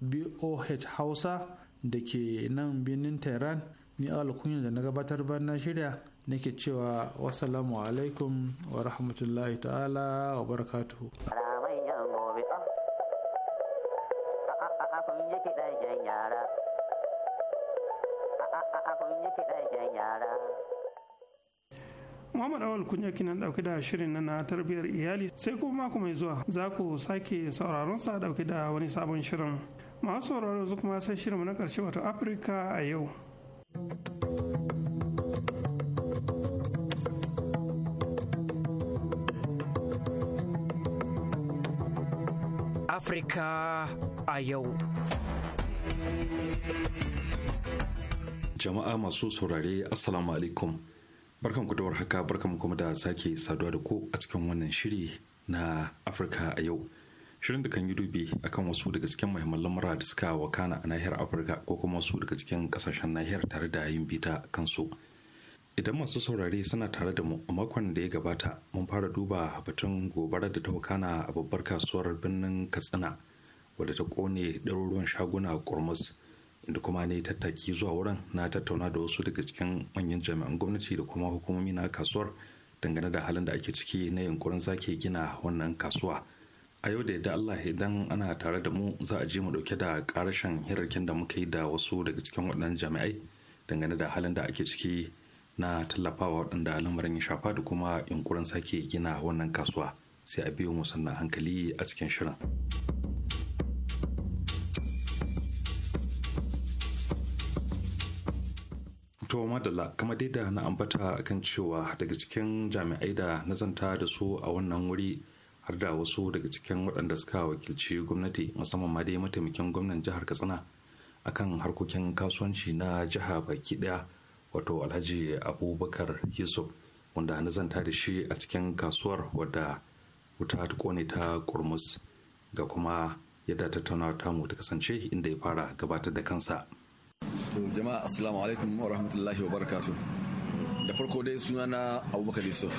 S9: boh hausa da ke nan birnin tehran ni alkunya da na gabatar na shirya nake cewa wasalamu alaikum wa rahmatullahi ta'ala wa barakatuhu
S11: yara abin yake yara. Muhammad
S2: Awal kunya kinan dauke da shirin na tarbiyyar iyali sai kuma mako mai zuwa za ku sake sauraron sa dauke da wani sabon shirin. Masu sauraro zu kuma sai shirin na karshe wato Afirka
S3: a yau. Afirka
S11: a yau.
S13: jama'a masu saurare assalamu alaikum barkan ku da warhaka barkan kuma da sake saduwa da ku a cikin wannan shiri na afirka a yau shirin da kan yi dubi akan wasu daga cikin muhimman lamura da suka wakana a nahiyar afirka ko kuma wasu daga cikin kasashen nahiyar tare da yin bita kansu idan masu saurare suna tare da mu a makon da ya gabata mun fara duba batun gobara da ta wakana a babbar kasuwar birnin katsina wadda ta kone ɗaruruwan shaguna kurmus inda kuma ne tattaki zuwa wurin na tattauna da wasu daga cikin manyan jami'an gwamnati da kuma hukumomi na kasuwar dangane da halin da ake ciki na yunkurin sake gina wannan kasuwa a yau da yadda allah idan ana tare da mu za a je mu dauke da karashen hirarkin da muka yi da wasu daga cikin waɗannan jami'ai dangane da halin da ake ciki na tallafawa waɗanda lamarin ya shafa da kuma yunkurin sake gina wannan kasuwa sai a biyo mu sannan hankali a cikin shirin. to madalla kama dai da na ambata kan cewa daga cikin jami'ai da nazanta da su a wannan wuri har da wasu daga cikin waɗanda suka wakilci gwamnati musamman ma dai mataimakin gwamnan jihar katsina akan harkokin kasuwanci na jiha baki ɗaya wato alhaji abubakar yusuf wanda nazanta da shi a cikin kasuwar wadda wuta ta kone ta kurmus ga kuma yadda tattaunawa mu ta kasance inda ya fara gabatar da kansa
S14: jama'a assalamu alaikum wa rahmatullahi wa barakatuh da farko dai suna na abubakar yusuf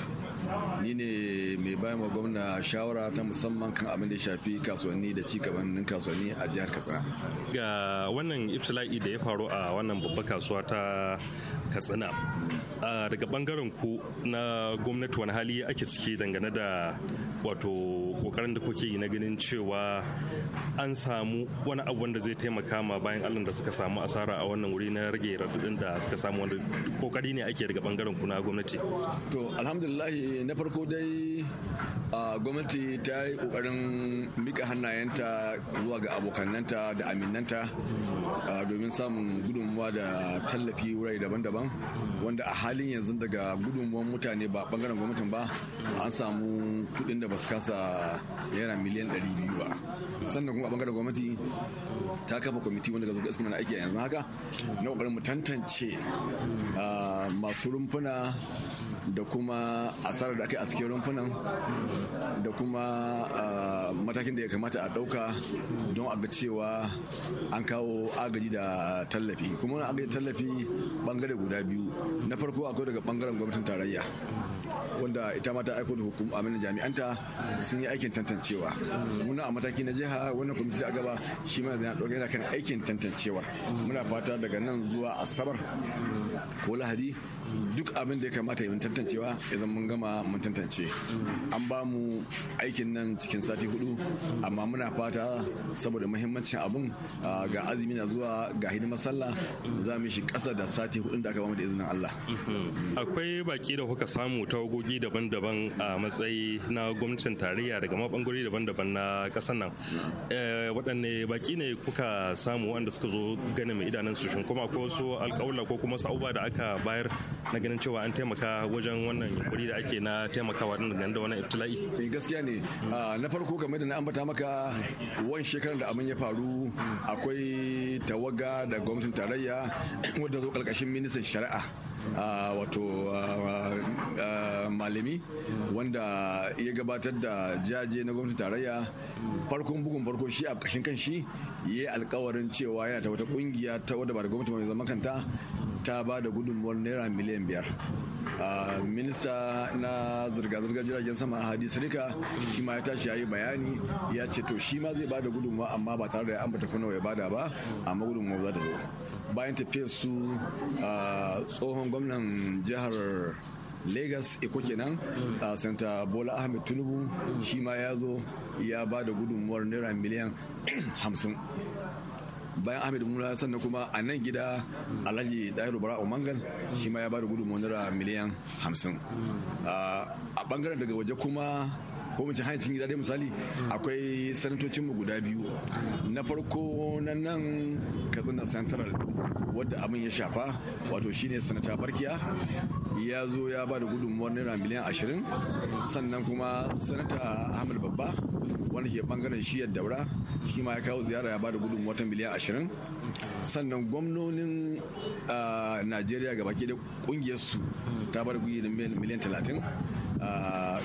S14: ni ne mai bayan wa gwamna shawara ta musamman kan abin da ya shafi kasuwanni da cigabannin kasuwanni a jihar katsina
S15: ga wannan ibtila'i da ya faru a wannan babbar kasuwa ta katsina daga bangaren ku na gwamnati wani hali ake ciki dangane da wato kokarin da kuke yi na ganin cewa an samu wani abu wanda zai taimaka ma bayan allon da suka samu asara a wannan wuri na rage radadin da suka samu wanda kokari ne ake daga bangaren kuna gwamnati
S14: to alhamdulillahi na farko dai gwamnati ta yi kokarin mika hannayenta zuwa ga abokannanta da aminanta domin samun gudunmuwa da tallafi wurare daban-daban wanda a halin yanzu daga gudunmuwan mutane ba bangaren gwamnatin ba an samu kudin da ba su kasa yana miliyan 200 ba sannan kuma a bangaren gwamnati ta kafa kwamiti wanda ga zuwa aiki a yanzu haka na kokarin mu tantance masu rumfuna da kuma asarar da aka a cikin rumfunan da kuma matakin da ya kamata a ɗauka don a ga cewa an kawo agaji da tallafi kuma agaji tallafi bangare guda biyu na farko akwai daga bangaren gwamnatin tarayya wanda ita mata aiko da hukum amin jami'anta sun yi aikin tantancewa muna a mataki na jiha wannan kwamiti da gaba shi ma zai dogara kan aikin tantancewar muna fata daga nan zuwa asabar ko lahadi duk abin da ya kamata yi tantancewa idan mun gama mun tantance an ba mu aikin nan cikin sati hudu amma muna fata saboda muhimmancin abun ga azumi na zuwa ga hidimar sallah za mu shi kasa da sati hudu da aka ba mu da izinin Allah
S15: mhm. akwai baki da kuka samu ta tawagogi daban-daban a matsayi na gwamnatin tarayya daga mabangare daban-daban na ƙasar nan eh, waɗanne baki ne kuka samu wanda suka zo ganin mai idanun su shin kuma ko wasu alƙawla ko kuma sa'uba da aka bayar na ganin cewa an taimaka wajen wannan yunkuri da ake na taimakawa din ganin da wannan ibtila'i
S14: eh, gaskiya ne hmm. ah, na farko game da na ambata maka wani shekarar da abin ya faru hmm. akwai tawaga da gwamnatin tarayya wadda zo ƙarƙashin ministan shari'a wato malami wanda ya gabatar da jaje na gwamnatin tarayya farkon bugun farko shi a kashin kan shi ya yi alkawarin cewa yana ta wata kungiya ta wadda ba da gwamnati mai zaman kanta ta ba da gudunmuwar naira miliyan biyar minista na zirga-zirgar jiragen sama hadis Rika. shi ma ya tashi ya yi bayani ya ce to shi ma zai bada da amma ba tare da ya ambata kuna ya bada ba amma gudunmuwa za ta zo bayan tafiyar su a tsohon gwamnan jihar Legas iko kenan a Santa Bola Ahmed Tinubu shi ma ya zo ya ba da gudunmuwar naira miliyan hamsin. bayan ahmed mura sannan kuma a nan gida alhaji dairu bara Mangan, shi ma ya ba da gudunmuwar naira miliyan hamsin a bangaren daga waje kuma ko mu ci hancin gida dai misali akwai sanatocin mu guda biyu na farko na nan katsina central wadda abin ya shafa wato shine sanata barkiya ya zo ya ba da gudunmuwar naira miliyan ashirin sannan kuma sanata ahmad babba wanda ke bangaren shi daura shi ma ya kawo ziyara ya ba da gudunmuwar ta miliyan ashirin sannan gwamnonin ah, najeriya gabaki da kungiyar su ta ba da miliyan talatin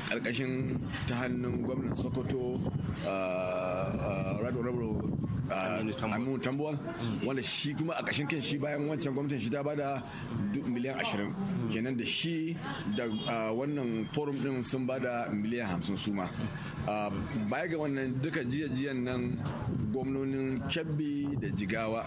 S14: karkashin ta hannun gwamnan sokoto rado aminu tambuwal wanda shi kuma a kashin kan shi bayan wancan gwamnatin shi ta bada miliyan ashirin kenan da shi da wannan forum din sun bada miliyan hamsin suma baya ga wannan duka jiyan nan gwamnonin kebbi da jigawa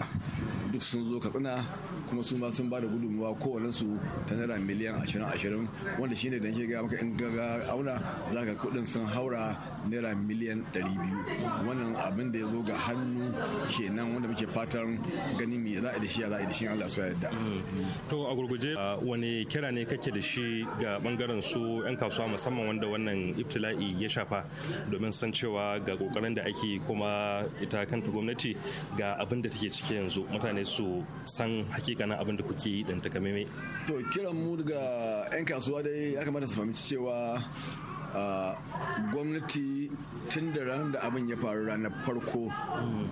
S14: duk sun zo katsina kuma su ma sun ba da gudunmuwa kowane su ta naira miliyan ashirin ashirin wanda shi ne da ke gaya maka in Gaga auna za ga kuɗin sun haura naira miliyan 200 wannan abin da ya zo ga hannu kenan wanda muke fatan gani mai za a da shi za a da shi Allah su yadda
S15: mm, mm. to a gurguje wani kira ne kake da shi ga bangaren su yan kasuwa musamman wanda wannan ibtila'i ya shafa domin san cewa ga kokarin da ake kuma ita kanta gwamnati ga abin da take ciki yanzu mutane su san
S14: hakikanin abin da kuke yi dan takamaimai to kiran mu daga yan kasuwa dai ya kamata su fahimci cewa cewa gwamnati tun da ran da abin ya faru ranar farko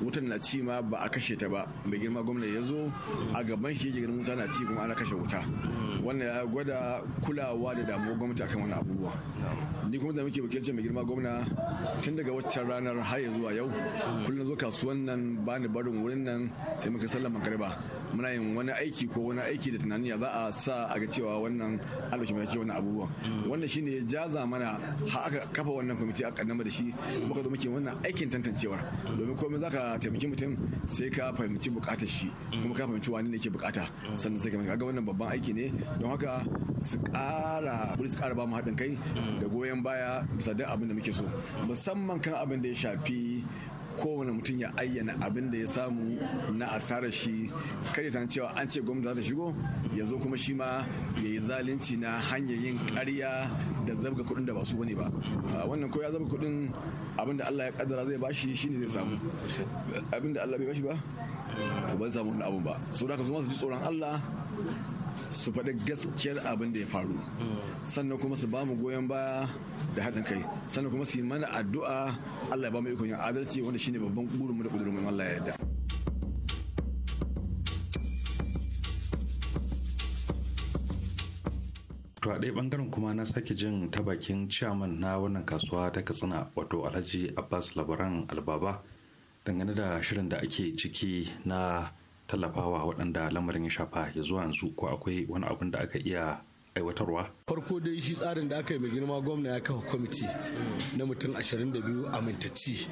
S14: wutan na ci ma ba a kashe ta ba mai girma gwamnati ya zo a gaban shi yake ganin wuta na ci kuma ana kashe wuta wannan ya gwada kulawa da damuwa gwamnati akan wani abubuwa ni kuma da muke wakilci mai girma gwamna tun daga waccan ranar har zuwa yau kullum zo kasuwan nan ba ni barin wurin nan sai muka sallar magariba muna yin wani aiki ko wani aiki da tunani ya za a sa a ga cewa wannan alwashi mai ce wannan abubuwan wannan shine ya jaza mana ha aka kafa wannan kwamiti aka kaddama da shi muka zo muke wannan aikin tantancewar domin komai zaka taimaki mutum sai ka fahimci bukatar shi kuma ka fahimci wani ne ke bukata sannan sai ka ga wannan babban aiki ne don haka su kara su kara ba mu haɗin kai da goyon baya bisa duk abin da muke so musamman kan abin da ya shafi kowane mutum ya ayyana abin da ya samu na asarar shi kada ta cewa an ce gwamnati za ta shigo ya zo kuma shi ma ya yi zalunci na hanyar yin karya da zabga kuɗin da ba su bane ba wannan ko ya zabga kuɗin abin da Allah ya kaddara zai bashi shine zai samu abin da Allah bai bashi ba to ba samu wani abu ba so da ka zo masu ji tsoron Allah su faɗi gaskiyar abin da ya faru sannan kuma su ba mu goyon baya da haɗin kai sannan kuma su yi mana addu'a Allah ya ba mu ikon yin adalci wanda shine babban burinmu da ƙudurinmu Allah ya yarda
S13: to a ɗaya ɓangaren kuma na sake jin ta bakin chairman na wannan kasuwa ta katsina wato alhaji abbas labaran albaba dangane da shirin da ake ciki na tallafawa waɗanda lamarin ya shafa ya zuwa yanzu ko akwai wani abun da aka iya aiwatarwa
S16: farko dai shi tsarin da aka yi mai girma gwamna ya kafa kwamiti na mutum 22 amintacci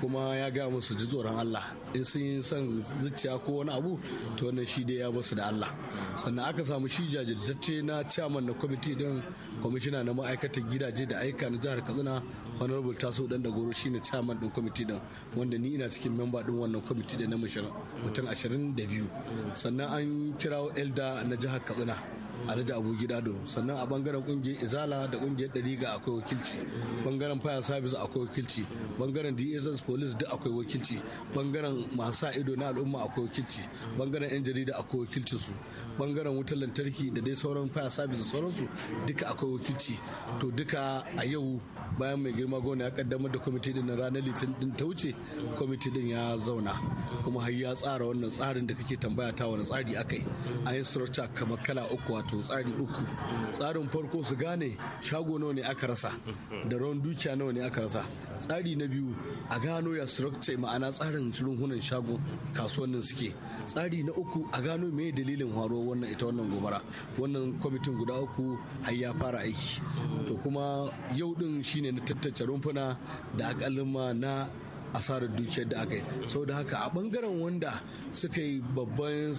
S16: kuma ya gaya musu ji tsoron Allah in sun yi son zuciya ko wani abu to wannan shi dai ya basu da Allah sannan aka samu shi jajirtacce na chairman na kwamiti din kwamishina na ma'aikatan gidaje da aika na jihar Katsina honorable taso dan da goro shine chairman din kwamiti din wanda ni ina cikin memba din wannan kwamiti din na mutum 22 sannan an kirawo elda na jihar Katsina alhaji abu gidado sannan a bangaren kungiyar izala da kungiyar dariga akwai wakilci bangaren fire service akwai wakilci bangaren dss police duk akwai wakilci bangaren masu ido na al'umma akwai wakilci bangaren yan jarida akwai wakilci su bangaren wutar lantarki da dai sauran fire service sauran su duka akwai wakilci to duka a yau bayan mai girma gona ya kaddamar da kwamiti din na ranar litin din ta wuce kwamiti din ya zauna kuma har ya tsara wannan tsarin da kake tambaya ta wani tsari akai an yi kamar kala uku wato wato tsari uku tsarin farko su gane shago nawa ne aka rasa da rawan dukiya nawa ne aka rasa tsari na biyu a gano ya structure ma'ana tsarin runhunan shago kasuwannin suke tsari na uku a gano me dalilin haro wannan ita wannan gobara wannan kwamitin guda uku har ya fara aiki to kuma yau din shine na tattace rumfuna da akalin ma na asarar dukiyar da aka yi sau da haka a bangaren wanda suka yi babban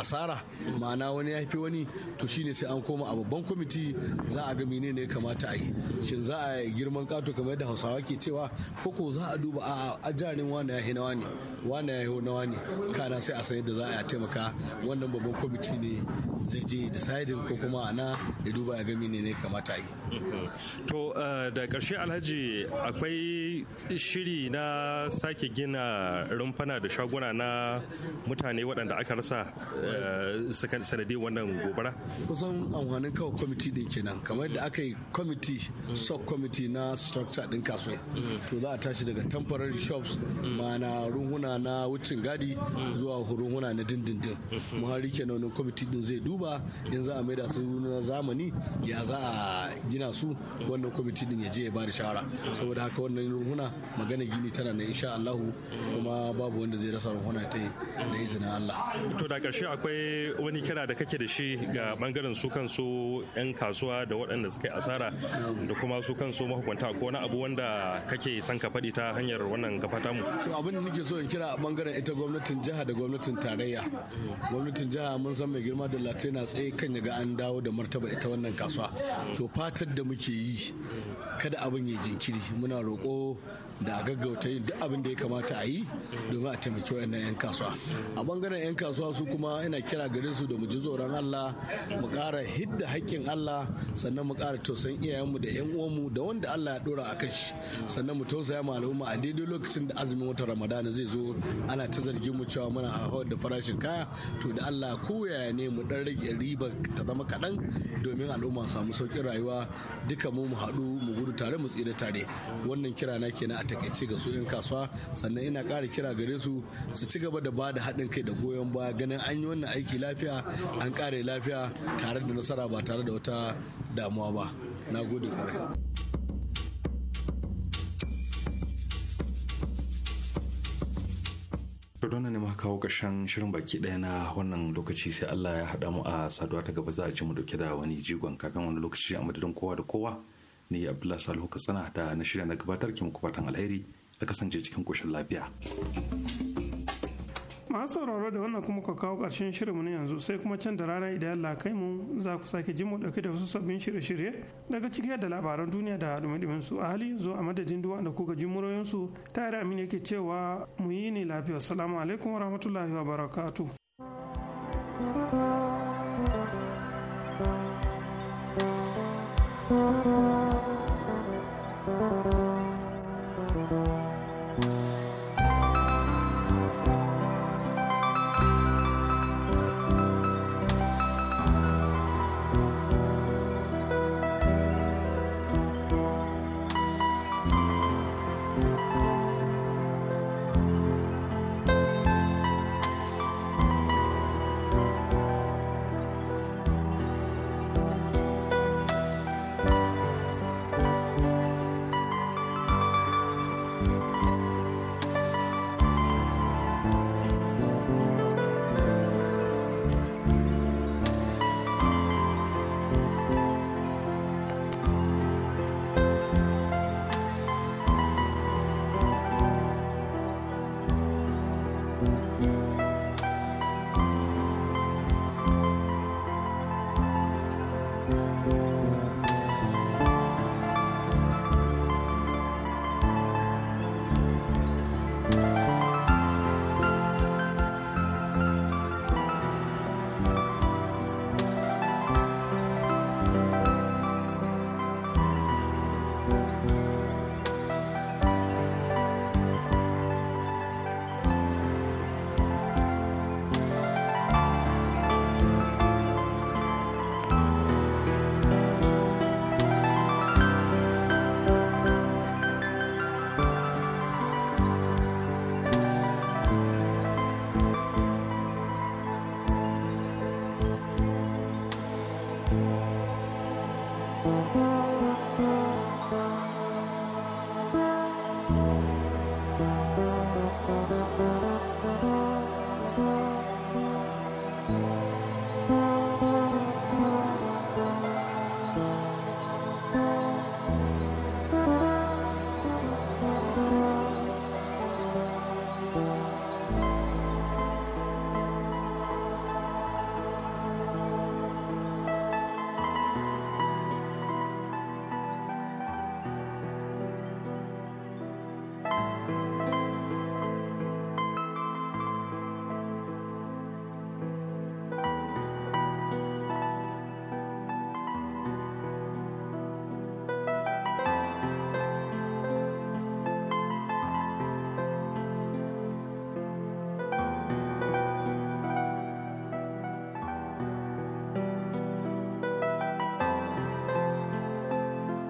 S16: asara ma'ana wani ya fi wani to shine sai an koma a babban kwamiti za a ga menene ya kamata a yi shin za a yi girman kato kamar yadda hausawa ke cewa koko za a duba a ajarin wani ya nawa ne wani ya nawa ne kana sai a san yadda za a taimaka wannan babban kwamiti ne zai je deciding ko kuma ana ya duba ya ga menene ya kamata a yi
S15: to eh, da karshe alhaji akwai shiri na sake gina rumfana da shaguna na mutane waɗanda aka rasa eh, sanadin wannan gobara
S16: kusan amfanin kawai kwamiti din kenan kamar da aka yi kwamiti sub kwamiti na structure din kasuwa to za a tashi daga temporary shops ma'ana runguna na wucin gadi zuwa runguna na dindindin mu har rike na kwamiti din zai duba in za a da su na zamani ya za a gina su wannan kwamiti din ya je ya ba da shawara saboda haka wannan runguna magana gini ta tana na insha Allah kuma babu wanda zai rasa ruhuna ta da izinin Allah
S15: to da ƙarshe akwai wani kira da kake da shi ga bangaren su kansu yan kasuwa da waɗanda suka yi asara da kuma su kansu mahukunta ko wani abu wanda kake san ka faɗi ta hanyar wannan kafa tamu
S16: to abin da nake so in kira a bangaren ita gwamnatin jiha da gwamnatin tarayya gwamnatin jiha mun san mai girma da latin yana tsaye kan ga an dawo da martaba ita wannan kasuwa to fatar da muke yi kada abin ya jinkiri muna roƙo da a gaggauta yin duk abin da ya kamata a yi domin a taimaki wayannan 'yan kasuwa a bangaren 'yan kasuwa su kuma ina kira gare su da mu ji tsoron Allah mu ƙara hidda haƙƙin Allah sannan mu ƙara tausayin iyayenmu da 'yan uwanmu da wanda Allah ya dora a shi sannan mu tausaya ma al'umma a daidai lokacin da azumin watan Ramadana zai zo ana ta zargin mu cewa muna hawar da farashin kaya to da Allah ko yaya ne mu dan rage riba ta zama kaɗan domin al'umma samu sauƙin rayuwa duka mu mu haɗu mu gudu tare mu tsira tare wannan kira na kenan a takaice ga su 'yan kasuwa sannan ina kara kira gare su su ci gaba da ba da haɗin kai da goyon baya ganin an yi wannan aiki lafiya an ƙare lafiya tare da nasara ba tare da wata damuwa ba na gode
S11: kwarai
S13: Dona ne maka kawo ƙarshen shirin baki ɗaya na wannan lokaci sai Allah ya haɗa mu a saduwa ta gaba za a ji mu dauke da wani jigon kafin wani lokaci a madadin kowa da kowa ni abdullahi salihu sana da na shirya na gabatar ke muku fatan alheri a kasance cikin koshin
S11: lafiya
S2: masu sauraro da wannan kuma ka kawo ƙarshen shirinmu na yanzu sai kuma can da rana idan Allah kai mu za ku sake ji mu dauke da wasu sabbin shirye-shirye daga ciki da labaran duniya da dumi su a hali zo a madadin duwa da kuka ji muryoyin su yi amin yake cewa mu yi ne lafiya salamu alaikum wa rahmatullahi wa barakatu.
S11: thank you